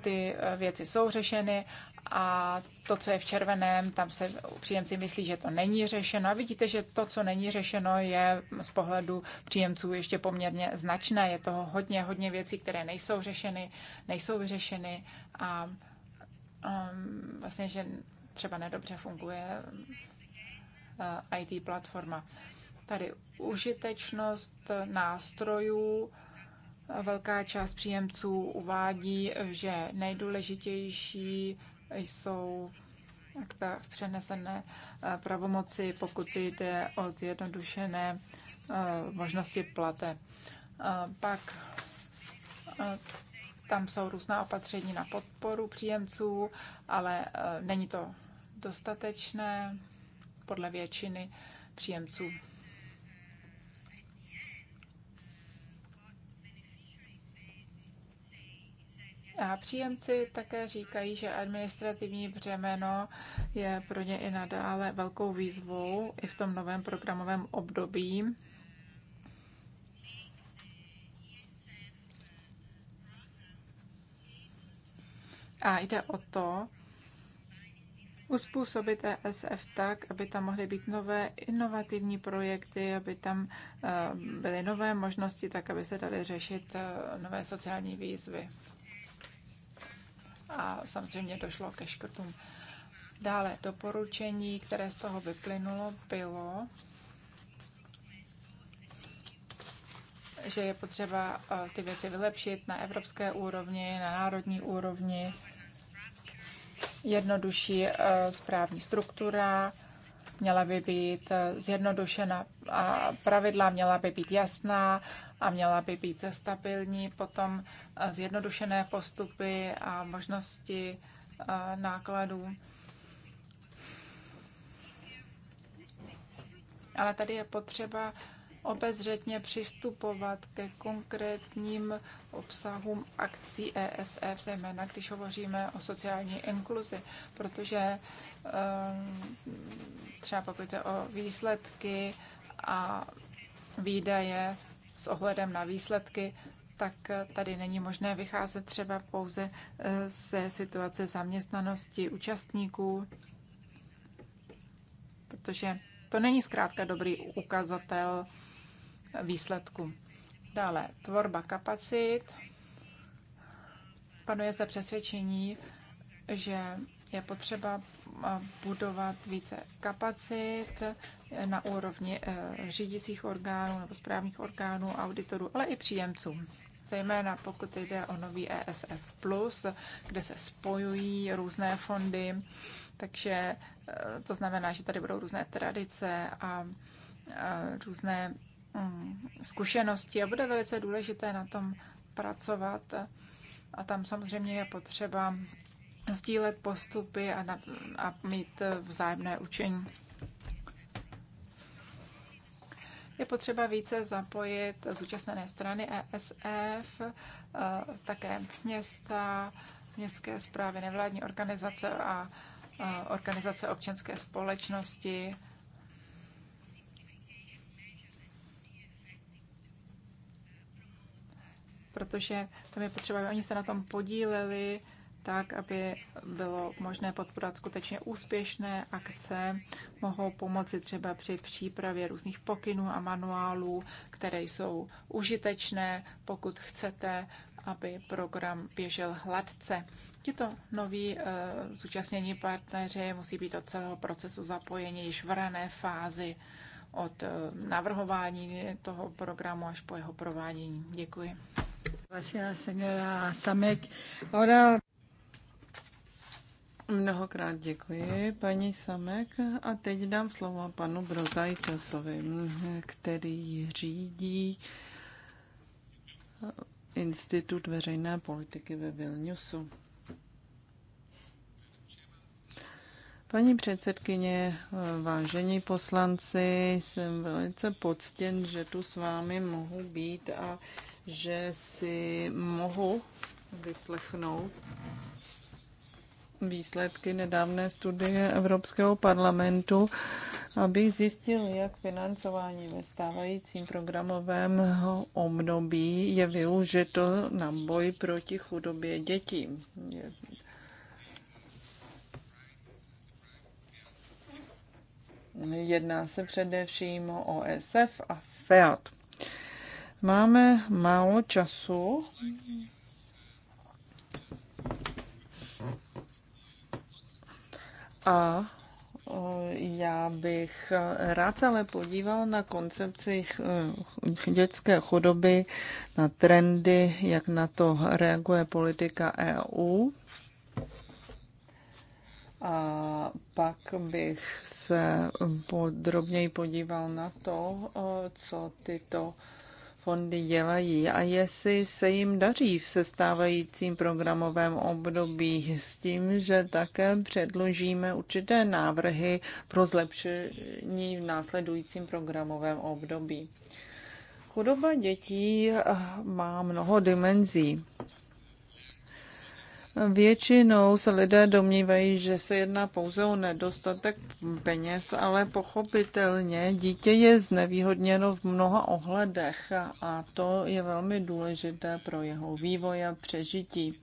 [SPEAKER 2] ty věci jsou řešeny a to, co je v červeném, tam se příjemci myslí, že to není řešeno. A vidíte, že to, co není řešeno, je z pohledu příjemců ještě poměrně značné. Je toho hodně, hodně věcí, které nejsou řešeny, nejsou vyřešeny a um, vlastně, že třeba nedobře funguje uh, IT platforma. Tady užitečnost nástrojů, Velká část příjemců uvádí, že nejdůležitější jsou akta v přenesené eh, pravomoci, pokud jde o zjednodušené eh, možnosti plate. Eh, pak tam jsou různá opatření na podporu příjemců, ale není to dostatečné podle většiny příjemců. A příjemci také říkají, že administrativní břemeno je pro ně i nadále velkou výzvou i v tom novém programovém období. A jde o to, uspůsobit ESF tak, aby tam mohly být nové inovativní projekty, aby tam eh, byly nové možnosti, tak aby se daly řešit eh, nové sociální výzvy a samozřejmě došlo ke škrtům. Dále doporučení, které z toho vyplynulo, bylo, že je potřeba eh, ty věci vylepšit na evropské úrovni, na národní úrovni, jednodušší eh, správní struktura, měla by být eh, zjednodušena a pravidla měla by být jasná a měla by být stabilní. Potom eh, zjednodušené postupy a možnosti eh, nákladů. Ale tady je potřeba obezřetně přistupovat ke konkrétním obsahům akcí ESF, zejména když hovoříme o sociální inkluzi, protože eh, třeba pokud jde o výsledky a výdaje, s ohledem na výsledky, tak tady není možné vycházet třeba pouze eh, ze situace zaměstnanosti účastníků, protože to není zkrátka dobrý ukazatel výsledku. Dále, tvorba kapacit. Panuje zde přesvědčení, že je potřeba budovat více kapacit na úrovni eh, řídicích orgánů nebo správních orgánů, auditorů, ale i příjemců. Zejména pokud jde o nový ESF+, kde se spojují různé fondy, takže eh, to znamená, že tady budou různé tradice a eh, různé mm, zkušenosti a bude velice důležité na tom pracovat. A tam samozřejmě je potřeba sdílet postupy a, na, a mít eh, vzájemné učení. Je potřeba více zapojit zúčastněné strany ESF, eh, také města, městské zprávy, nevládní organizace a eh, organizace občanské společnosti. Protože tam je potřeba, aby oni se na tom podíleli, tak, aby bylo možné podporovat skutečně úspěšné akce, mohou pomoci třeba při přípravě různých pokynů a manuálů, které jsou užitečné, pokud chcete, aby program běžel hladce. Tito noví e, zúčastnění partneři musí být od celého procesu zapojeni již v rané fázi od e, navrhování toho programu až
[SPEAKER 3] po jeho provádění. Děkuji. Gracias, señora Samek. Ahora... Mnohokrát děkuji, paní Samek. A teď dám slovo panu Brozajtosovi, který řídí eh, Institut veřejné politiky ve Vilniusu. Paní předsedkyně, eh, vážení poslanci, jsem velice poctěn, že tu s vámi mohu být a že si mohu vyslechnout výsledky nedávné studie Evropského parlamentu, aby zjistil, jak financování ve stávajícím programovém období je využito na boj proti chudobě dětí. Jedná se především o OSF a FEAT. Máme málo času, A já bych rád ale podíval na koncepci dětské chudoby, na trendy, jak na to reaguje politika EU. A pak bych se podrobněji podíval na to, co tyto fondy dělají a jestli se jim daří v sestávajícím programovém období s tím, že také předložíme určité návrhy pro zlepšení v následujícím programovém období. Chudoba dětí eh, má mnoho dimenzí. Většinou se lidé domnívají, že se jedná pouze o nedostatek peněz, ale pochopitelně dítě je znevýhodněno v mnoha ohledech a to je velmi důležité pro jeho vývoj a přežití.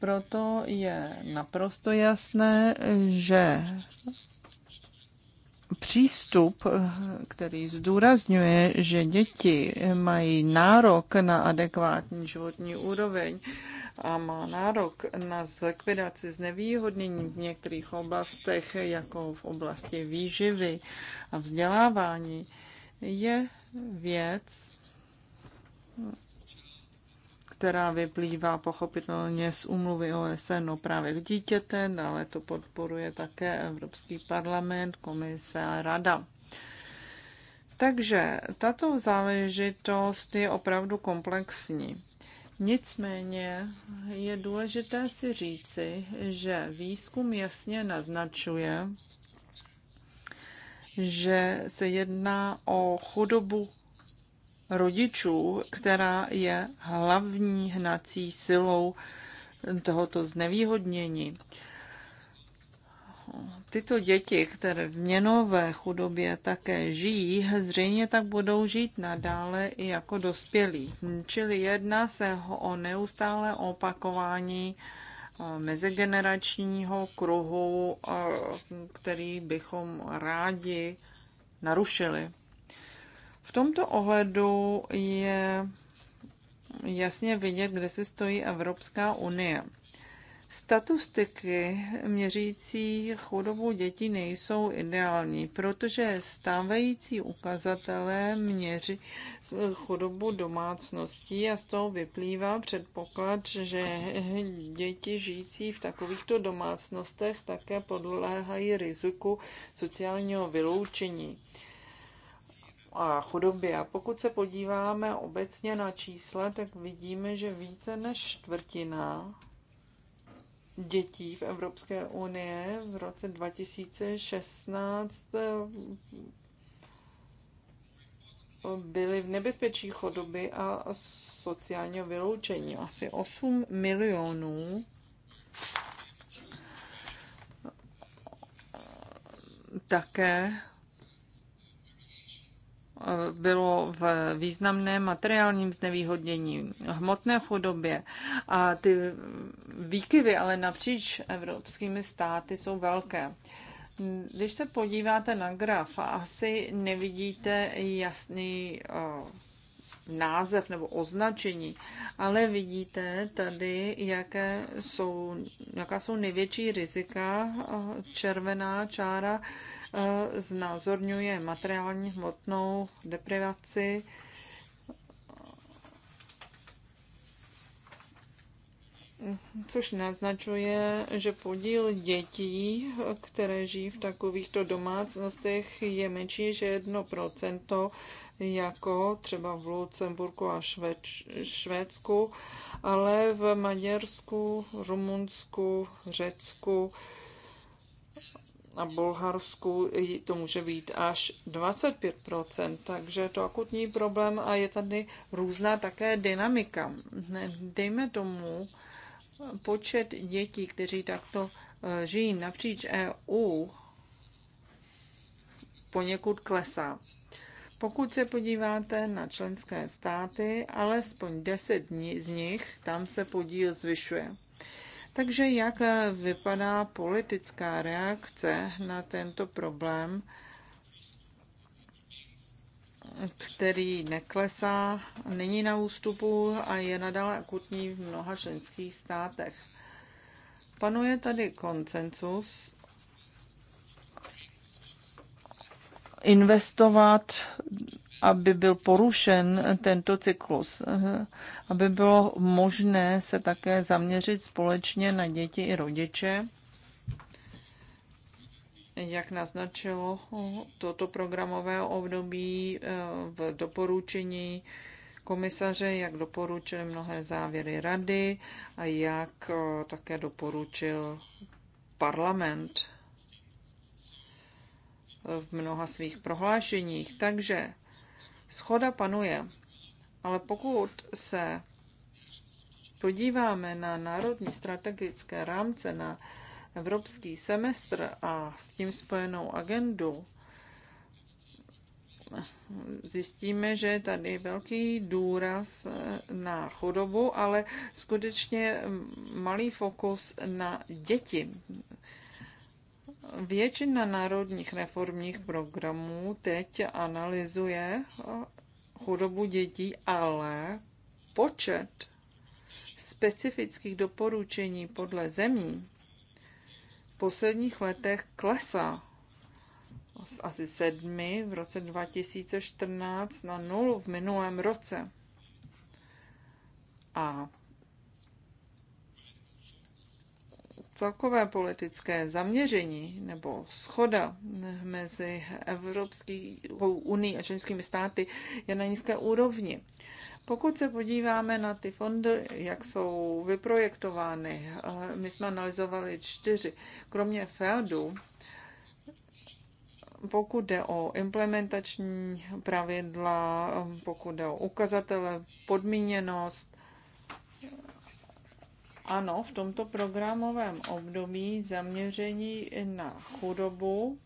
[SPEAKER 3] Proto je naprosto jasné, že přístup, který zdůrazňuje, že děti mají nárok na adekvátní životní úroveň, a má nárok na zlikvidaci znevýhodnění v některých oblastech, jako v oblasti výživy a vzdělávání, je věc, která vyplývá pochopitelně z úmluvy OSN o právech dítěte, ale to podporuje také Evropský parlament, komise a rada. Takže tato záležitost je opravdu komplexní. Nicméně je důležité si říci, že výzkum jasně naznačuje, že se jedná o chudobu rodičů, která je hlavní hnací silou tohoto znevýhodnění tyto děti, které v měnové chudobě také žijí, zřejmě tak budou žít nadále i jako dospělí. Čili jedná se o neustále opakování eh, mezigeneračního kruhu, eh, který bychom rádi narušili. V tomto ohledu je jasně vidět, kde se stojí Evropská unie. Statistiky měřící chudobu dětí nejsou ideální, protože stávající ukazatele měří chudobu domácností a z toho vyplývá předpoklad, že děti žijící v takovýchto domácnostech také podléhají riziku sociálního vyloučení a chudobě. A pokud se podíváme obecně na čísla, tak vidíme, že více než čtvrtina dětí v Evropské unii v roce 2016 eh, byly v nebezpečí chodoby a sociálního vyloučení. Asi 8 milionů eh, také bylo v významném materiálním znevýhodnění, hmotné chudobě a ty výkyvy ale napříč evropskými státy jsou velké. Když se podíváte na graf, asi nevidíte jasný název nebo označení, ale vidíte tady, jaké jsou, jaká jsou největší rizika. Červená čára Eh, znázorňuje materiální hmotnou deprivaci. Což naznačuje, že podíl dětí, které žijí v takovýchto domácnostech, je menší než 1%, jako třeba v Lucemburku a Švéč, Švédsku, ale v Maďarsku, Rumunsku, Řecku a Bulharsku to může být až 25%, takže je to akutní problém a je tady různá také dynamika. Dejme tomu počet dětí, kteří takto e, žijí napříč EU, poněkud klesá. Pokud se podíváte na členské státy, alespoň 10 z nich, tam se podíl zvyšuje. Takže jak eh, vypadá politická reakce na tento problém, který neklesá, není na ústupu a je nadále akutní v mnoha ženských státech? Panuje tady koncensus investovat aby byl porušen tento cyklus, aby bylo možné se také zaměřit společně na děti i rodiče. Jak naznačilo toto programové období eh, v doporučení komisaře, jak doporučil mnohé závěry rady a jak eh, také doporučil parlament v mnoha svých prohlášeních. Takže Schoda panuje, ale pokud se podíváme na národní strategické rámce, na evropský semestr a s tím spojenou agendu, zjistíme, že je tady velký důraz na chudobu, ale skutečně malý fokus na děti. Většina národních reformních programů teď analyzuje eh, chudobu dětí, ale počet specifických doporučení podle zemí v posledních letech klesá z asi sedmi v roce 2014 na nulu v minulém roce. A celkové politické zaměření nebo schoda mezi Evropskou unii a členskými státy je na nízké úrovni. Pokud se podíváme na ty fondy, jak jsou vyprojektovány, eh, my jsme analyzovali čtyři. Kromě FEADu, pokud jde o implementační pravidla, eh, pokud jde o ukazatele, podmíněnost, ano, v tomto programovém období zaměření na chudobu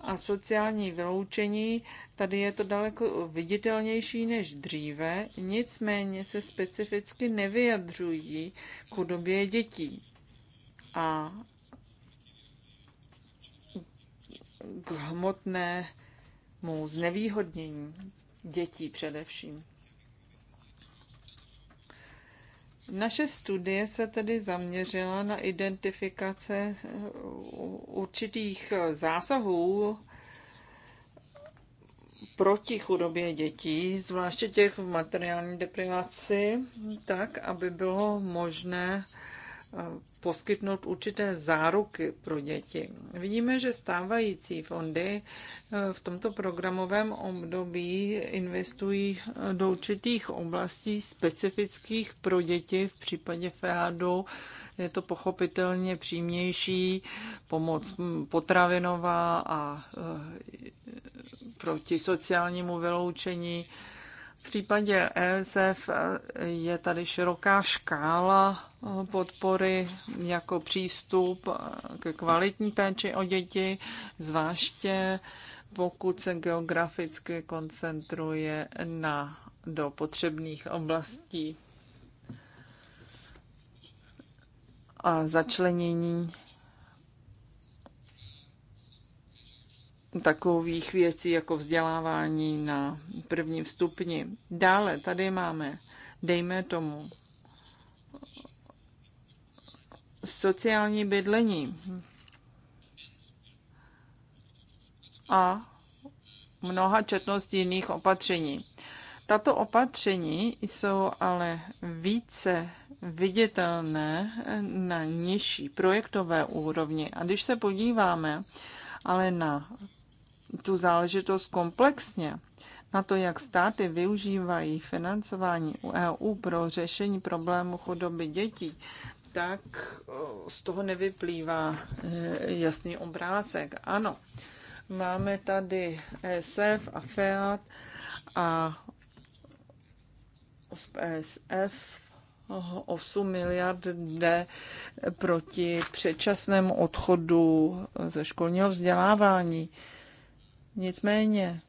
[SPEAKER 3] a sociální vyloučení, tady je to daleko viditelnější než dříve, nicméně se specificky nevyjadřují k chudobě dětí. A k hmotnému znevýhodnění dětí především. Naše studie se tedy zaměřila na identifikace eh, určitých eh, zásahů proti chudobě dětí, zvláště těch v materiální deprivaci, tak, aby bylo možné poskytnout určité záruky pro děti. Vidíme, že stávající fondy eh, v tomto programovém období investují eh, do určitých oblastí specifických pro děti. V případě FEADu je to pochopitelně přímější pomoc hm, potravinová a eh, proti sociálnímu vyloučení. V případě ESF je tady široká škála podpory jako přístup k kvalitní péči o děti, zvláště pokud se geograficky koncentruje na do potřebných oblastí a začlenění takových věcí jako vzdělávání na prvním stupni. Dále tady máme, dejme tomu, sociální bydlení. A mnoha četnost jiných opatření. Tato opatření jsou ale více viditelné na nižší projektové úrovni. A když se podíváme ale na tu záležitost komplexně, na to, jak státy využívají financování EU e pro řešení problému chudoby dětí, tak eh, z toho nevyplývá eh, jasný obrázek. Ano, máme tady ESF a FEAT a z ESF 8 miliard jde proti předčasnému odchodu ze školního vzdělávání. Nicméně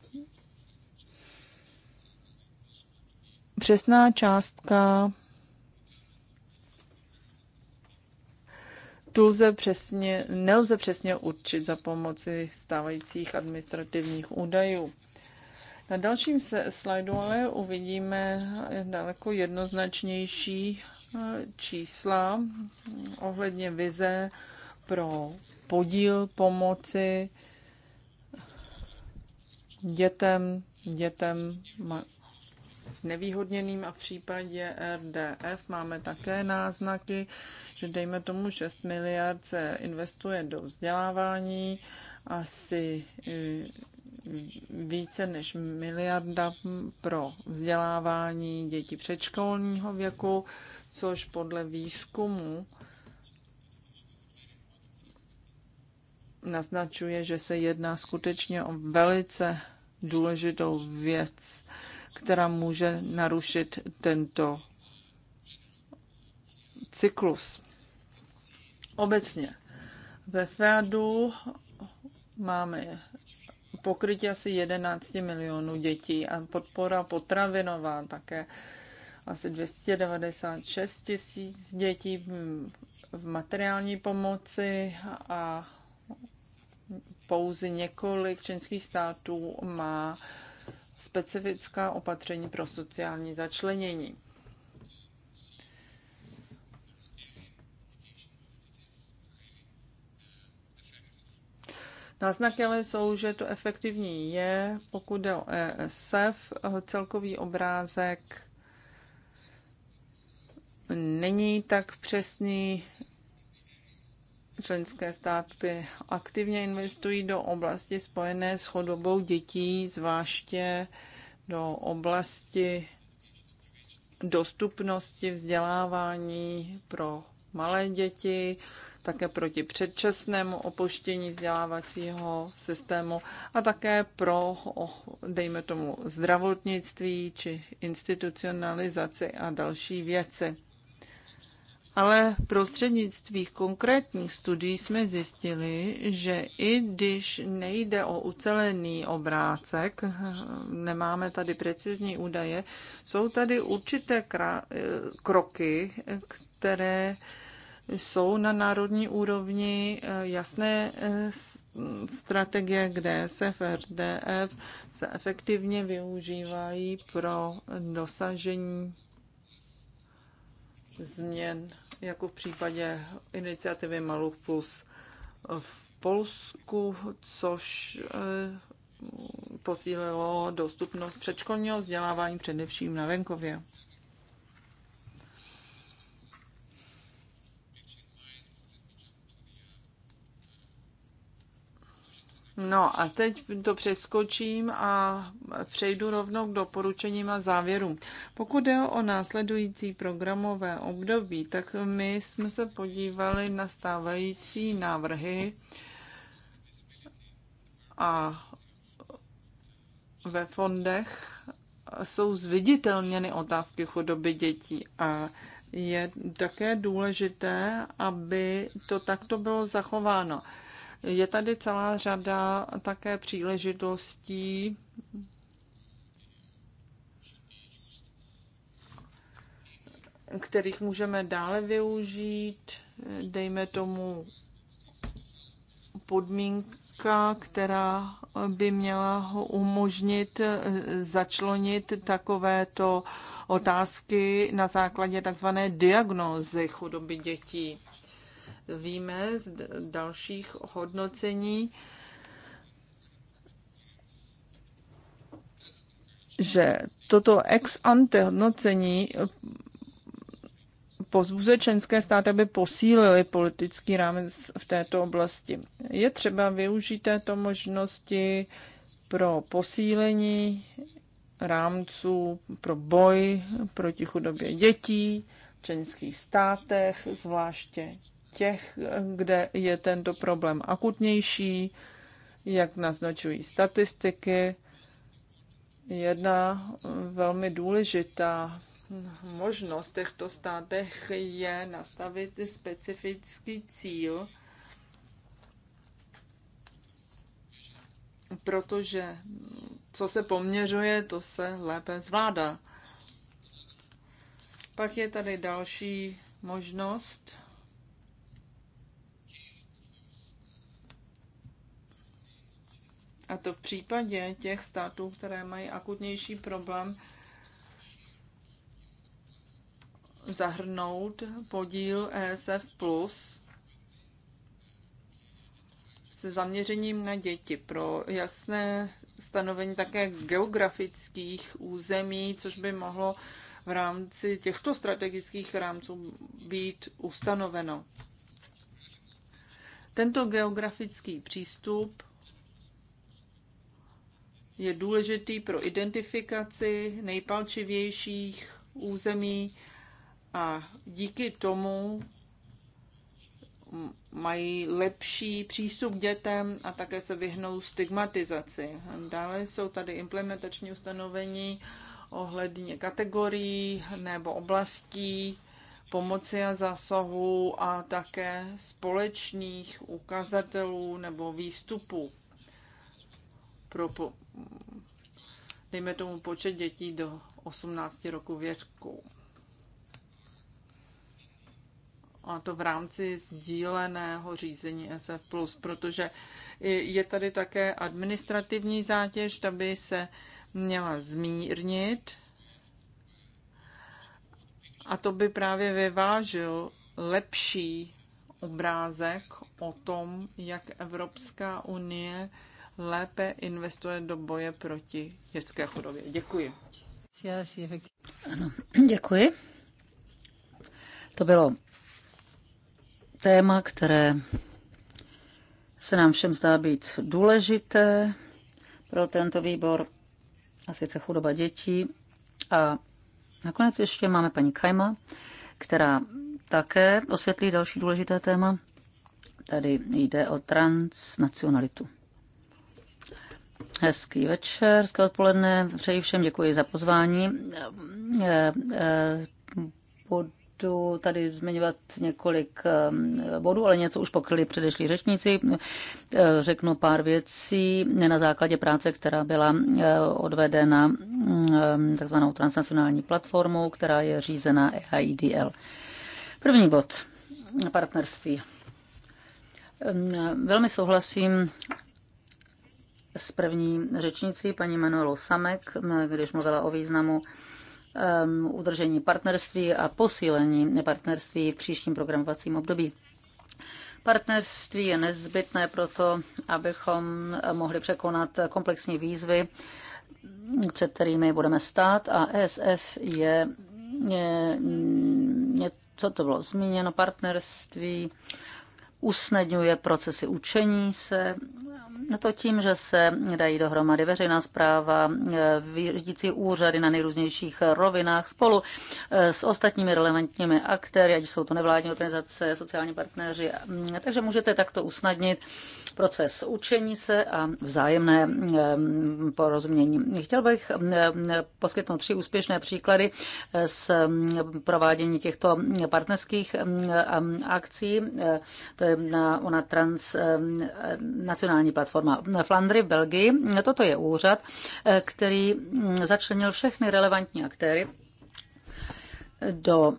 [SPEAKER 3] přesná částka tu lze přesně, nelze přesně určit za pomoci stávajících administrativních údajů. Na dalším slajdu ale uvidíme daleko jednoznačnější eh, čísla ohledně vize pro podíl pomoci dětem, dětem znevýhodněným a v případě RDF máme také náznaky, že dejme tomu 6 miliard se investuje do vzdělávání, asi e, více než miliarda pro vzdělávání dětí předškolního věku, což podle výzkumu naznačuje, že se jedná skutečně o velice důležitou věc která může narušit tento cyklus. Obecně ve FEADu máme pokrytí asi 11 milionů dětí a podpora potravinová také asi 296 tisíc dětí v materiální pomoci a pouze několik členských států má specifická opatření pro sociální začlenění. Náznaky ale jsou, že to efektivní je, pokud jde o ESF, celkový obrázek není tak přesný, členské státy aktivně investují do oblasti spojené s chodobou dětí, zvláště do oblasti dostupnosti vzdělávání pro malé děti, také proti předčasnému opuštění vzdělávacího systému a také pro, dejme tomu, zdravotnictví či institucionalizaci a další věci ale prostřednictví konkrétních studií jsme zjistili, že i když nejde o ucelený obrácek, nemáme tady precizní údaje, jsou tady určité kroky, které jsou na národní úrovni eh, jasné eh, strategie, kde se v RDF se efektivně využívají pro dosažení změn, jako v případě iniciativy Maluch Plus v Polsku, což eh, posílilo dostupnost předškolního vzdělávání především na venkově. No a teď to přeskočím a přejdu rovnou k doporučením a závěrům. Pokud jde o následující programové období, tak my jsme se podívali na stávající návrhy a ve fondech jsou zviditelněny otázky chudoby dětí a je také důležité, aby to takto bylo zachováno. Je tady celá řada také příležitostí kterých můžeme dále využít, dejme tomu podmínka, která by měla ho umožnit začlonit takovéto otázky na základě takzvané diagnózy chudoby dětí víme z dalších hodnocení, že toto ex ante hodnocení eh, pozbuzuje členské státy, aby posílili politický rámec v této oblasti. Je třeba využít této možnosti pro posílení rámců pro boj proti chudobě dětí v členských státech, zvláště těch, kde je tento problém akutnější, jak naznačují statistiky. Jedna velmi důležitá možnost v těchto státech je nastavit specifický cíl, protože co se poměřuje, to se lépe zvládá. Pak je tady další možnost A to v případě těch států, které mají akutnější problém zahrnout podíl ESF plus se zaměřením na děti pro jasné stanovení také geografických území, což by mohlo v rámci těchto strategických rámců být ustanoveno. Tento geografický přístup je důležitý pro identifikaci nejpalčivějších území a díky tomu mají lepší přístup k dětem a také se vyhnou stigmatizaci. Dále jsou tady implementační ustanovení ohledně kategorií nebo oblastí pomoci a zásahu a také společných ukazatelů nebo výstupů pro dejme tomu počet dětí do 18 roku věku. A to v rámci sdíleného řízení SF+, protože je tady také administrativní zátěž, ta by se měla zmírnit. A to by právě vyvážil lepší obrázek o tom, jak Evropská unie lépe investuje do boje proti dětské chudobě. Děkuji.
[SPEAKER 1] Ano, děkuji. To bylo téma, které se nám všem zdá být důležité pro tento výbor, a sice chudoba dětí. A nakonec ještě máme paní Kajma, která také osvětlí další důležité téma. Tady jde o transnacionalitu. Hezký večer, hezké odpoledne, přeji všem, děkuji za pozvání. Budu tady zmiňovat několik eh, bodů, ale něco už pokryli předešlí řečníci. Eh, řeknu pár věcí na základě práce, která byla eh, odvedena mm, takzvanou transnacionální platformou, která je řízená EIDL. První bod partnerství. Velmi souhlasím s první řečnicí, paní Manuelou Samek, když mluvila o významu udržení partnerství a posílení partnerství v příštím programovacím období. Partnerství je nezbytné proto, abychom mohli překonat komplexní výzvy, před kterými budeme stát a ESF je, je, je co to bylo zmíněno, partnerství usnadňuje procesy učení se, to tím, že se dají dohromady veřejná zpráva, e, řídící úřady na nejrůznějších rovinách spolu e, s ostatními relevantními aktéry, ať jsou to nevládní organizace, sociální partneři. E, takže můžete takto usnadnit proces učení se a vzájemné porozumění. Chtěl bych poskytnout tři úspěšné příklady eh, z provádění těchto partnerských akcí. Eh, to je ona trans, nacionální platforma Flandry v Belgii. Toto je úřad, eh, který začlenil všechny relevantní aktéry do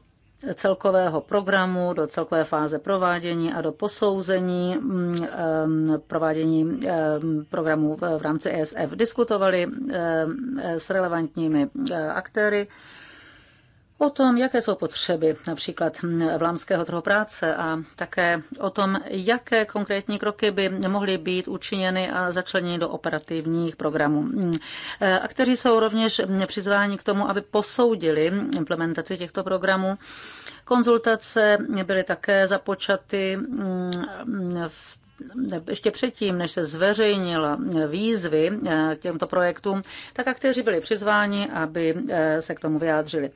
[SPEAKER 1] celkového programu, do celkové fáze provádění a do posouzení mm, provádění programu v rámci ESF diskutovali s relevantními eh, aktéry o tom, jaké jsou potřeby například vlámského trhu práce a také o tom, jaké konkrétní kroky by mohly být učiněny a začleněny do operativních programů. A kteří jsou rovněž přizváni k tomu, aby posoudili implementaci těchto programů. Konzultace byly také započaty v ještě předtím, než se zveřejnil výzvy eh, k těmto projektům, tak aktéři byli přizváni, aby eh, se k tomu vyjádřili.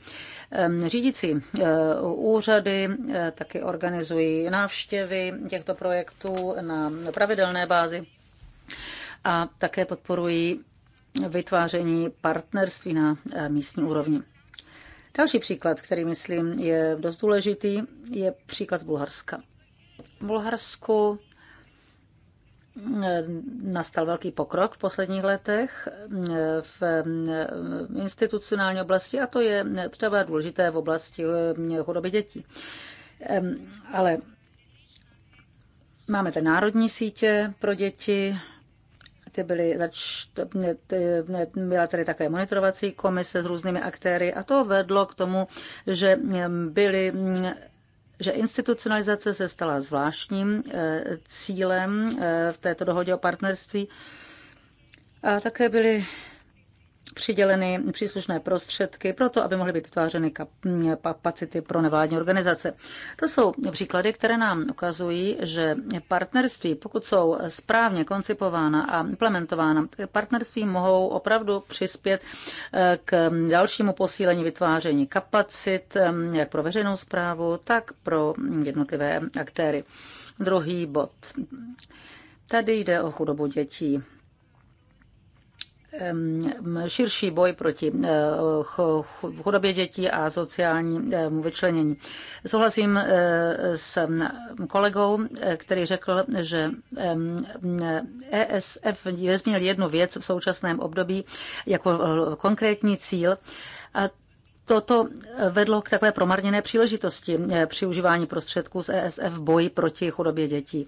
[SPEAKER 1] Ehm, řídící eh, úřady taky organizují návštěvy těchto projektů na pravidelné bázi a také podporují vytváření partnerství na místní úrovni. Další příklad, který myslím je dost důležitý, je příklad z Bulharska. V Bulharsku nastal velký pokrok v posledních letech v institucionální oblasti a to je třeba důležité v oblasti eh, chudoby dětí. Ale máme ty národní sítě pro děti, ty byly, zač, byla tady také monitorovací komise s různými aktéry a to vedlo k tomu, že byly že institucionalizace se stala zvláštním eh, cílem eh, v této dohodě o partnerství. A také byly přiděleny příslušné prostředky pro to, aby mohly být vytvářeny kapacity pro nevládní organizace. To jsou příklady, které nám ukazují, že partnerství, pokud jsou správně koncipována a implementována, partnerství mohou opravdu přispět eh, k dalšímu posílení vytváření kapacit, eh, jak pro veřejnou zprávu, tak pro jednotlivé aktéry. Druhý bod. Tady jde o chudobu dětí širší boj proti eh, chudobě dětí a sociálnímu eh, vyčlenění. Souhlasím eh, s mm, kolegou, který řekl, že ESF e vezměl jednu věc v současném období jako konkrétní cíl a Toto vedlo k takové promarněné příležitosti při užívání prostředků z ESF v boji proti chudobě dětí.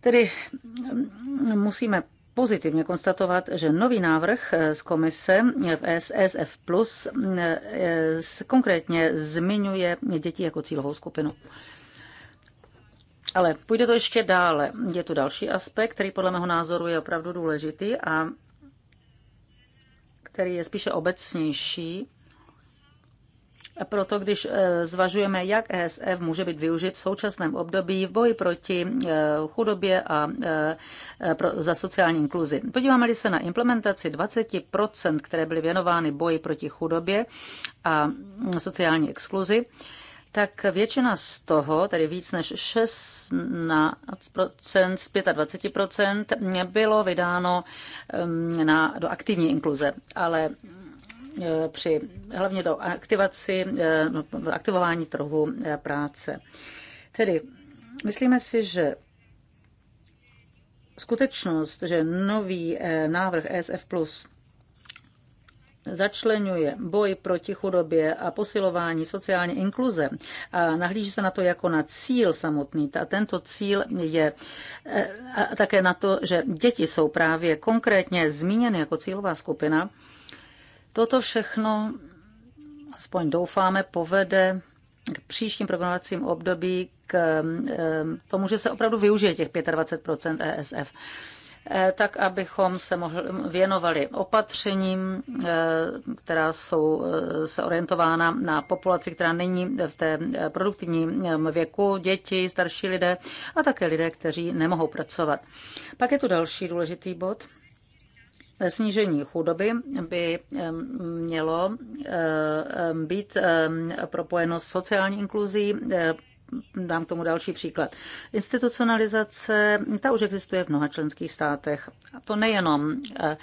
[SPEAKER 1] Tedy mm, musíme pozitivně konstatovat, že nový návrh eh, z komise eh, v SSF Plus eh, konkrétně zmiňuje děti jako cílovou skupinu. Ale půjde to ještě dále. Je tu další aspekt, který podle mého názoru je opravdu důležitý a který je spíše obecnější proto, když eh, zvažujeme, jak ESF může být využit v současném období v boji proti eh, chudobě a eh, za sociální inkluzi. Podíváme-li se na implementaci 20%, které byly věnovány boji proti chudobě a mm, sociální exkluzi, tak většina z toho, tedy víc než 16% z 25%, bylo vydáno mm, na, do aktivní inkluze. Ale Eh, při hlavně do aktivaci, eh, no, aktivování trhu eh, práce. Tedy myslíme si, že skutečnost, že nový návrh ESF Plus začlenuje boj proti chudobě a posilování sociální inkluze a nahlíží se na to jako na cíl samotný. A tento cíl je a také na to, že děti jsou právě konkrétně zmíněny jako cílová skupina Toto všechno, aspoň doufáme, povede k příštím programovacím období k tomu, že se opravdu využije těch 25 ESF e, tak abychom se mohli, věnovali opatřením, e, která jsou e, se orientována na populaci, která není v té produktivním věku, děti, starší lidé a také lidé, kteří nemohou pracovat. Pak je tu další důležitý bod, Snížení chudoby by mělo být propojeno s sociální inkluzí, dám k tomu další příklad. Institucionalizace, ta už existuje v mnoha členských státech. A to nejenom eh,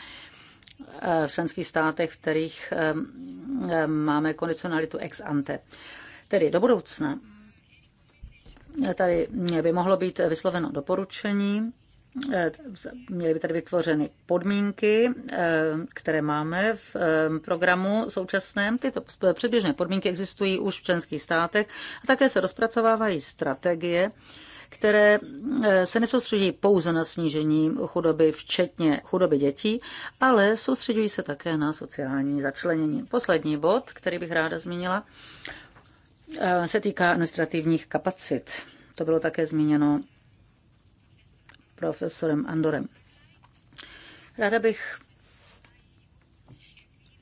[SPEAKER 1] eh, v členských státech, v kterých máme kondicionalitu ex ante. Tedy do budoucna tady by mohlo být vysloveno doporučení, Eh, měly by tady vytvořeny podmínky, eh, které máme v eh, programu současném. Tyto předběžné podmínky existují už v členských státech a také se rozpracovávají strategie, které se nesoustředí pouze na snížení chudoby, včetně chudoby dětí, ale soustředují se také na sociální začlenění. Poslední bod, který bych ráda zmínila, se týká administrativních kapacit. To bylo také zmíněno profesorem Andorem. Ráda bych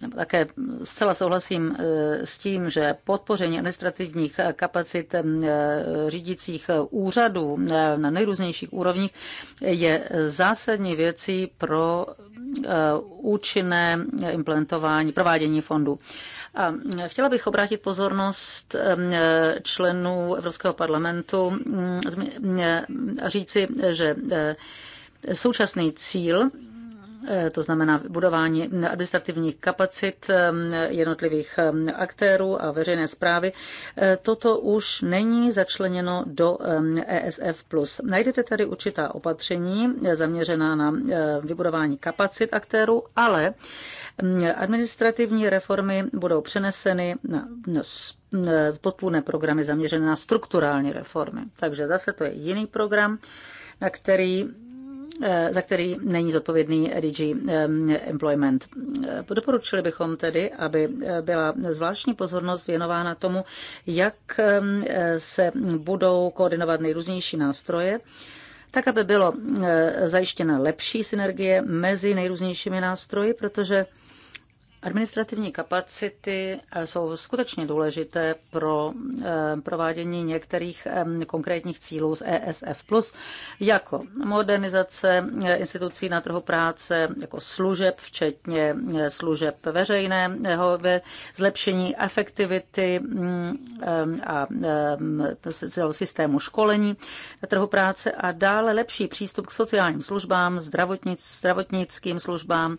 [SPEAKER 1] nebo také zcela souhlasím eh, s tím, že podpoření administrativních kapacit eh, řídících úřadů eh, na nejrůznějších úrovních je zásadní věcí pro účinné implementování, provádění fondu. A chtěla bych obrátit pozornost členů Evropského parlamentu a mm, říci, že současný cíl Eh, to znamená budování administrativních kapacit eh, jednotlivých eh, aktérů a veřejné zprávy. Toto už není začleněno do ESF+. E Najdete tady určitá opatření zaměřená na vybudování kapacit aktérů, ale mm, administrativní reformy budou přeneseny na podpůrné programy zaměřené na strukturální reformy. Takže zase to je jiný program, na který Eh, za který není zodpovědný DG eh, Employment. Eh, doporučili bychom tedy, aby byla zvláštní pozornost věnována tomu, jak se budou koordinovat nejrůznější nástroje, tak aby bylo zajištěna lepší synergie mezi nejrůznějšími nástroji, protože Administrativní kapacity eh, jsou skutečně důležité pro eh, provádění některých eh, konkrétních cílů z ESF+, jako modernizace institucí na trhu práce, jako služeb, včetně služeb veřejného, ve zlepšení efektivity mm, a mm, systému školení na trhu práce a dále lepší přístup k sociálním službám, zdravotnickým službám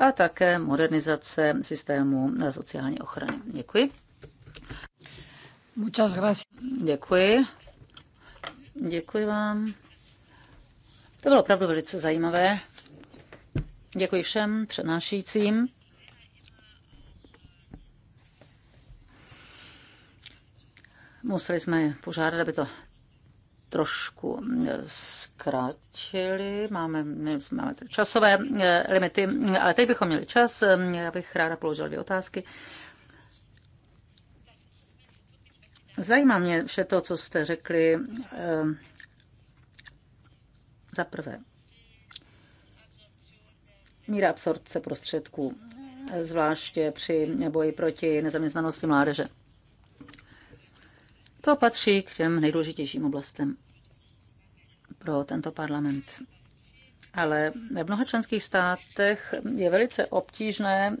[SPEAKER 1] a také modernizace systému sociální ochrany. Děkuji. Muchas gracias. Děkuji. Děkuji vám. To bylo opravdu velice zajímavé. Děkuji všem přednášejícím. Museli jsme požádat, aby to trošku mm, zkrátili. Máme, nevím, máme časové eh, limity, ale teď bychom měli čas. Mm, já bych ráda položil dvě otázky. Zajímá mě vše to, co jste řekli. Eh, za prvé, míra absorpce prostředků, eh, zvláště při boji proti nezaměstnanosti mládeže. To patří k těm nejdůležitějším oblastem pro tento parlament. Ale ve mnoha členských státech je velice obtížné mm,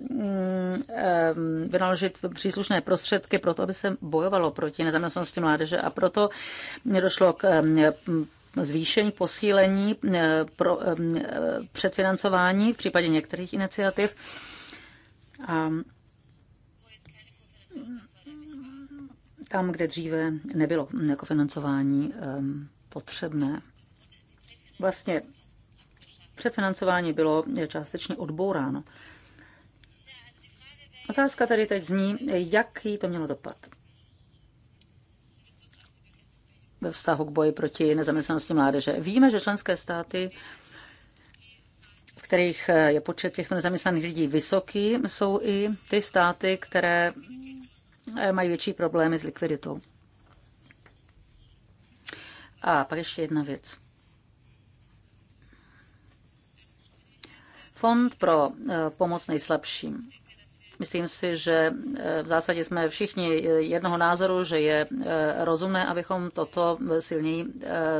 [SPEAKER 1] vynaložit příslušné prostředky pro to, aby se bojovalo proti nezaměstnanosti mládeže a proto došlo k zvýšení, posílení pro předfinancování v případě některých iniciativ. A tam, kde dříve nebylo mm, jako financování potřebné. Vlastně předfinancování bylo částečně odbouráno. Otázka tady teď zní, jaký to mělo dopad ve vztahu k boji proti nezaměstnanosti mládeže. Víme, že členské státy, v kterých je počet těchto nezaměstnaných lidí vysoký, jsou i ty státy, které Eh, mají větší problémy s likviditou. A pak ještě jedna věc. Fond pro eh, pomoc nejslabším. Myslím si, že e, v zásadě jsme všichni e, jednoho názoru, že je e, rozumné, abychom toto silněji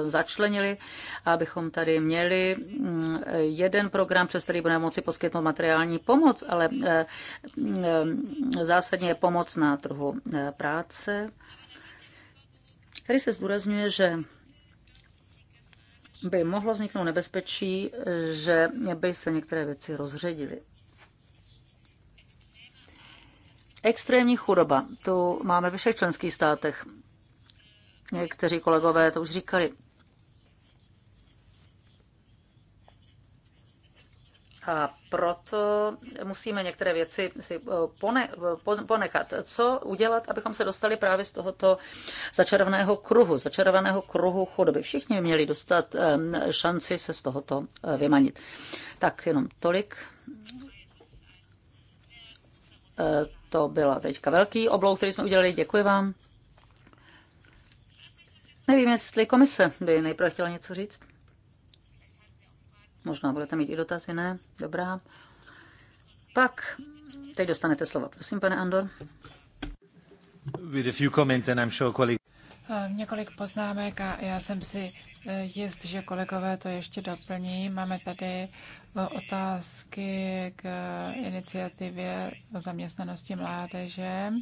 [SPEAKER 1] začlenili, abychom tady měli mm, jeden program, přes který budeme moci poskytnout materiální pomoc, ale zásadně je pomoc na trhu práce. Tady se zdůrazňuje, že by mohlo vzniknout nebezpečí, že by se některé věci rozředily. Extrémní chudoba, tu máme ve všech členských státech. Někteří kolegové to už říkali. A proto musíme některé věci si eh, pone, eh, ponechat. Co udělat, abychom se dostali právě z tohoto začarovaného kruhu, začarovaného kruhu chudoby? Všichni měli dostat eh, šanci se z tohoto vymanit. Tak jenom tolik to byla teďka velký oblouk, který jsme udělali. Děkuji vám. Nevím, jestli komise by nejprve chtěla něco říct. Možná budete mít i dotazy, ne? Dobrá. Pak teď dostanete slovo. Prosím, pane Andor.
[SPEAKER 3] With a few comments and I'm sure
[SPEAKER 1] Eh, několik
[SPEAKER 2] poznámek a já jsem si eh, jist, že kolegové to ještě doplní. Máme tady eh, otázky k iniciativě o zaměstnanosti mládeže.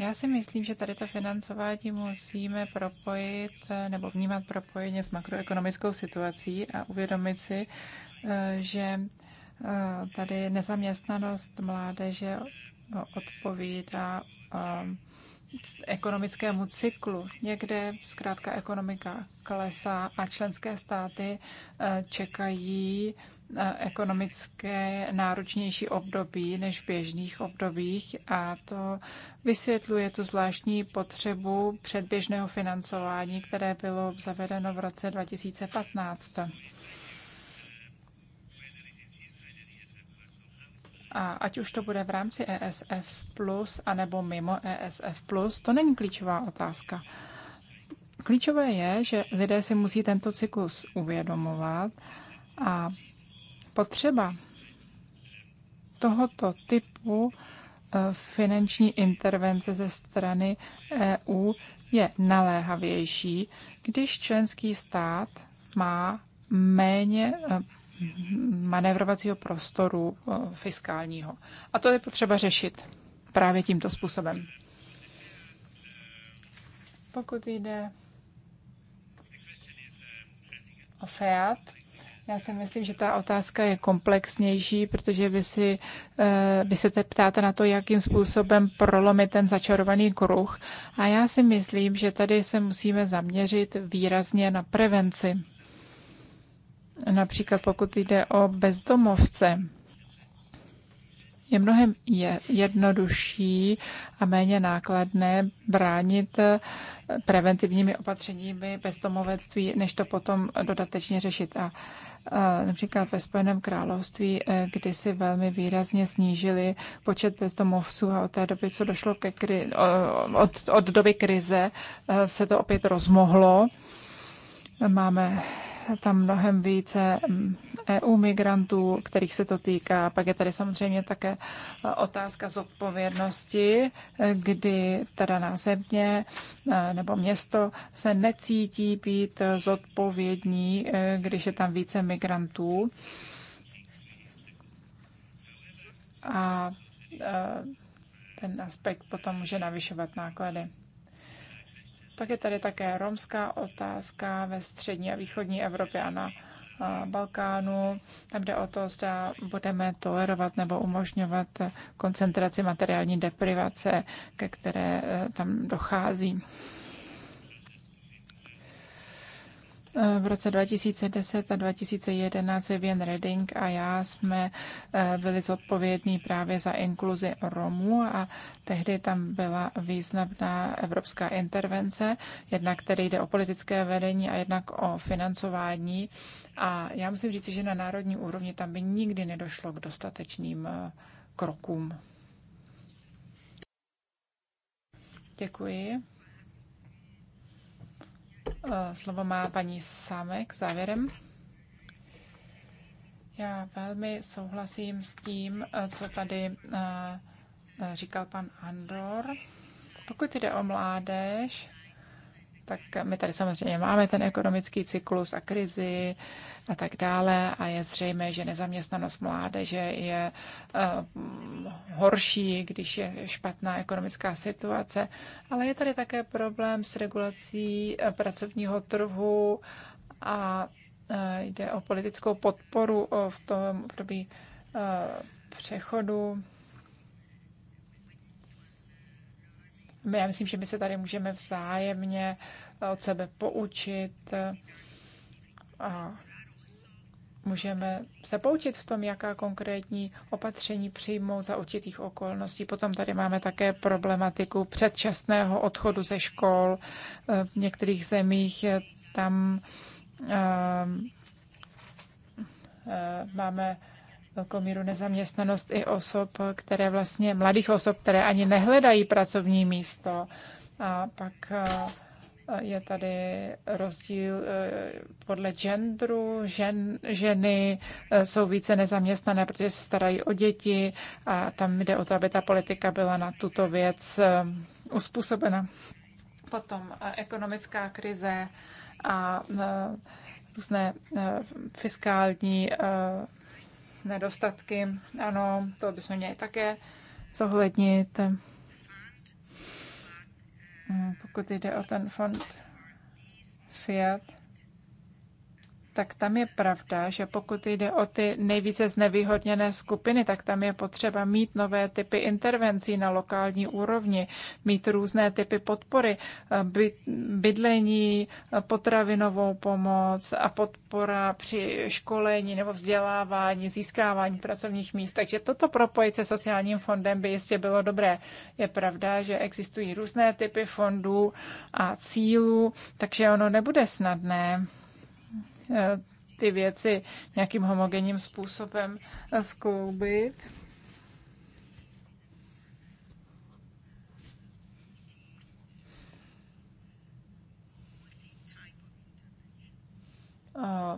[SPEAKER 2] Já si myslím, že tady to financování musíme propojit nebo vnímat propojeně s makroekonomickou situací a uvědomit si, že tady nezaměstnanost mládeže odpovídá ekonomickému cyklu. Někde zkrátka ekonomika klesá a členské státy eh, čekají eh, ekonomické náročnější období než v běžných obdobích a to vysvětluje tu zvláštní potřebu předběžného financování, které bylo zavedeno v roce 2015. A ať už to bude v rámci ESF+, anebo mimo ESF+, to není klíčová otázka. Klíčové je, že lidé si musí tento cyklus uvědomovat a potřeba tohoto typu eh, finanční intervence ze strany EU je naléhavější, když členský stát má méně eh, manévrovacího prostoru eh, fiskálního. A to je potřeba řešit právě tímto způsobem. Pokud jde o FEAT, já si myslím, že ta otázka je komplexnější, protože vy, si, eh, vy se teď ptáte na to, jakým způsobem prolomit ten začarovaný kruh. A já si myslím, že tady se musíme zaměřit výrazně na prevenci Například pokud jde o bezdomovce, je mnohem jednodušší a méně nákladné bránit eh, preventivními opatřeními bezdomovectví, než to potom dodatečně řešit. A eh, například ve Spojeném království eh, si velmi výrazně snížili počet bezdomovců a od té doby, co došlo ke kri- od, od doby krize, se to opět rozmohlo. Máme tam mnohem více mm, EU migrantů, kterých se to týká. Pak je tady samozřejmě také e, otázka zodpovědnosti, e, kdy teda na země e, nebo město se necítí být zodpovědní, když je tam více migrantů. A ten aspekt potom může navyšovat náklady. Pak je tady také romská otázka ve střední a východní Evropě a na Balkánu. Tam jde o to, zda budeme tolerovat nebo umožňovat koncentraci materiální deprivace, ke které e, tam dochází. V roce 2010 a 2011 Vivian Redding a já jsme eh, byli zodpovědní právě za inkluzi Romů a tehdy tam byla významná evropská intervence, jednak tedy jde o politické vedení a jednak o financování. A já musím říct, že na národní úrovni tam by nikdy nedošlo k dostatečným eh, krokům. Děkuji. Eh, slovo má paní Samek závěrem. Já velmi souhlasím s tím, eh, co tady eh, říkal pan Andor. Pokud jde o mládež, tak my tady samozřejmě máme ten ekonomický cyklus a krizi a tak dále a je zřejmé, že nezaměstnanost mládeže je uh, horší, když je špatná ekonomická situace, ale je tady také problém s regulací eh, pracovního trhu a uh, jde o politickou podporu v tom období uh, přechodu my, já myslím, že my se tady můžeme vzájemně eh, od sebe poučit eh, a můžeme se poučit v tom, jaká konkrétní opatření přijmout za určitých okolností. Potom tady máme také problematiku předčasného odchodu ze škol. Eh, v některých zemích je tam máme velkou míru nezaměstnanost i osob, které vlastně, mladých osob, které ani nehledají pracovní místo. A pak eh, je tady rozdíl eh, podle genderu. Žen, ženy eh, jsou více nezaměstnané, protože se starají o děti a tam jde o to, aby ta politika byla na tuto věc uspůsobena. Potom ekonomická krize a různé fiskální nedostatky. Ano, to bychom měli také zohlednit. Mm, pokud jde o ten fond Fiat, tak tam je pravda, že pokud jde o ty nejvíce znevýhodněné skupiny, tak tam je potřeba mít nové typy intervencí na lokální úrovni, mít různé typy podpory, bydlení, potravinovou pomoc a podpora při školení nebo vzdělávání, získávání pracovních míst. Takže toto propojit se sociálním fondem by jistě bylo dobré. Je pravda, že existují různé typy fondů a cílů, takže ono nebude snadné Eh, ty věci nějakým homogenním způsobem skloubit.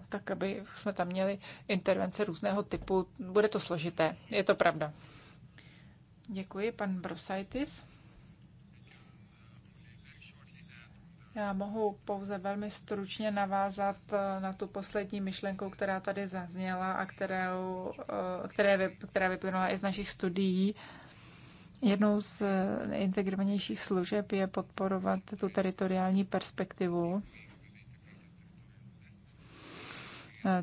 [SPEAKER 2] tak aby jsme tam měli intervence různého typu. Bude to složité, je to pravda. Děkuji, pan Brosaitis. Já mohu pouze velmi stručně navázat eh, na tu poslední myšlenku, která tady zazněla a kterou, eh, které, která vyplynula i z našich studií. Jednou z eh, integrovanějších služeb je podporovat tu teritoriální perspektivu.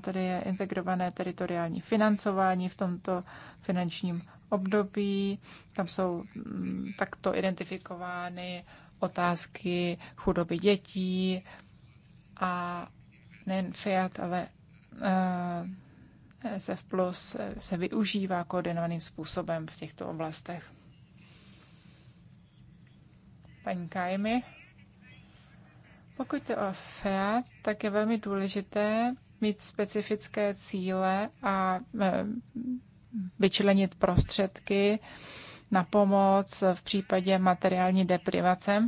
[SPEAKER 2] Tady je integrované teritoriální financování v tomto finančním období. Tam jsou mm, takto identifikovány otázky chudoby dětí a nejen Fiat, ale eh, SF Plus se využívá koordinovaným způsobem v těchto oblastech. Paní Kajmy, pokud je o FEA, tak je velmi důležité mít specifické cíle a eh, vyčlenit prostředky na pomoc v případě materiální deprivace.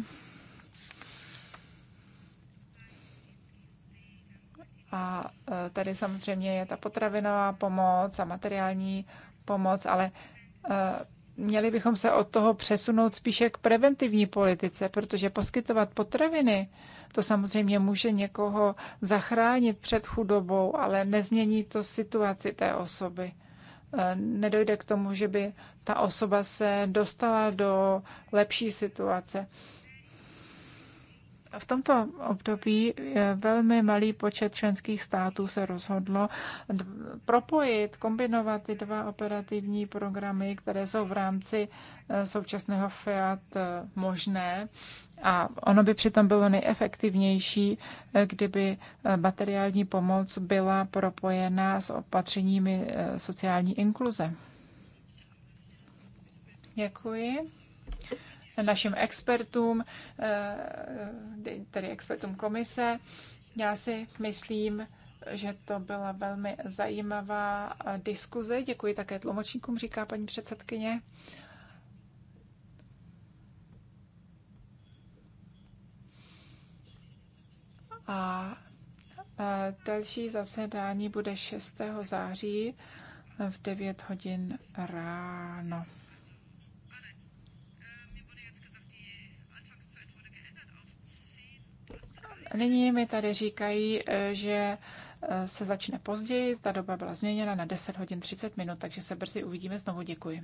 [SPEAKER 2] A e, tady samozřejmě je ta potravinová pomoc a materiální pomoc, ale e, měli bychom se od toho přesunout spíše k preventivní politice, protože poskytovat potraviny, to samozřejmě může někoho zachránit před chudobou, ale nezmění to situaci té osoby. Eh, nedojde k tomu, že by ta osoba se dostala do lepší situace. V tomto období velmi malý počet členských států se rozhodlo propojit, kombinovat ty dva operativní programy, které jsou v rámci eh, současného FIAT eh, možné. A ono by přitom bylo nejefektivnější, eh, kdyby materiální pomoc byla propojena s opatřeními sociální inkluze. Děkuji našim expertům, eh, tedy expertům komise. Já si myslím, že to byla velmi zajímavá eh, diskuze. Děkuji také tlumočníkům, říká paní předsedkyně. A eh, další zasedání bude 6. září v 9 hodin ráno. Nyní mi tady říkají, eh, že eh, se začne později, ta doba byla změněna na 10 hodin 30 minut, takže se brzy uvidíme znovu. Děkuji.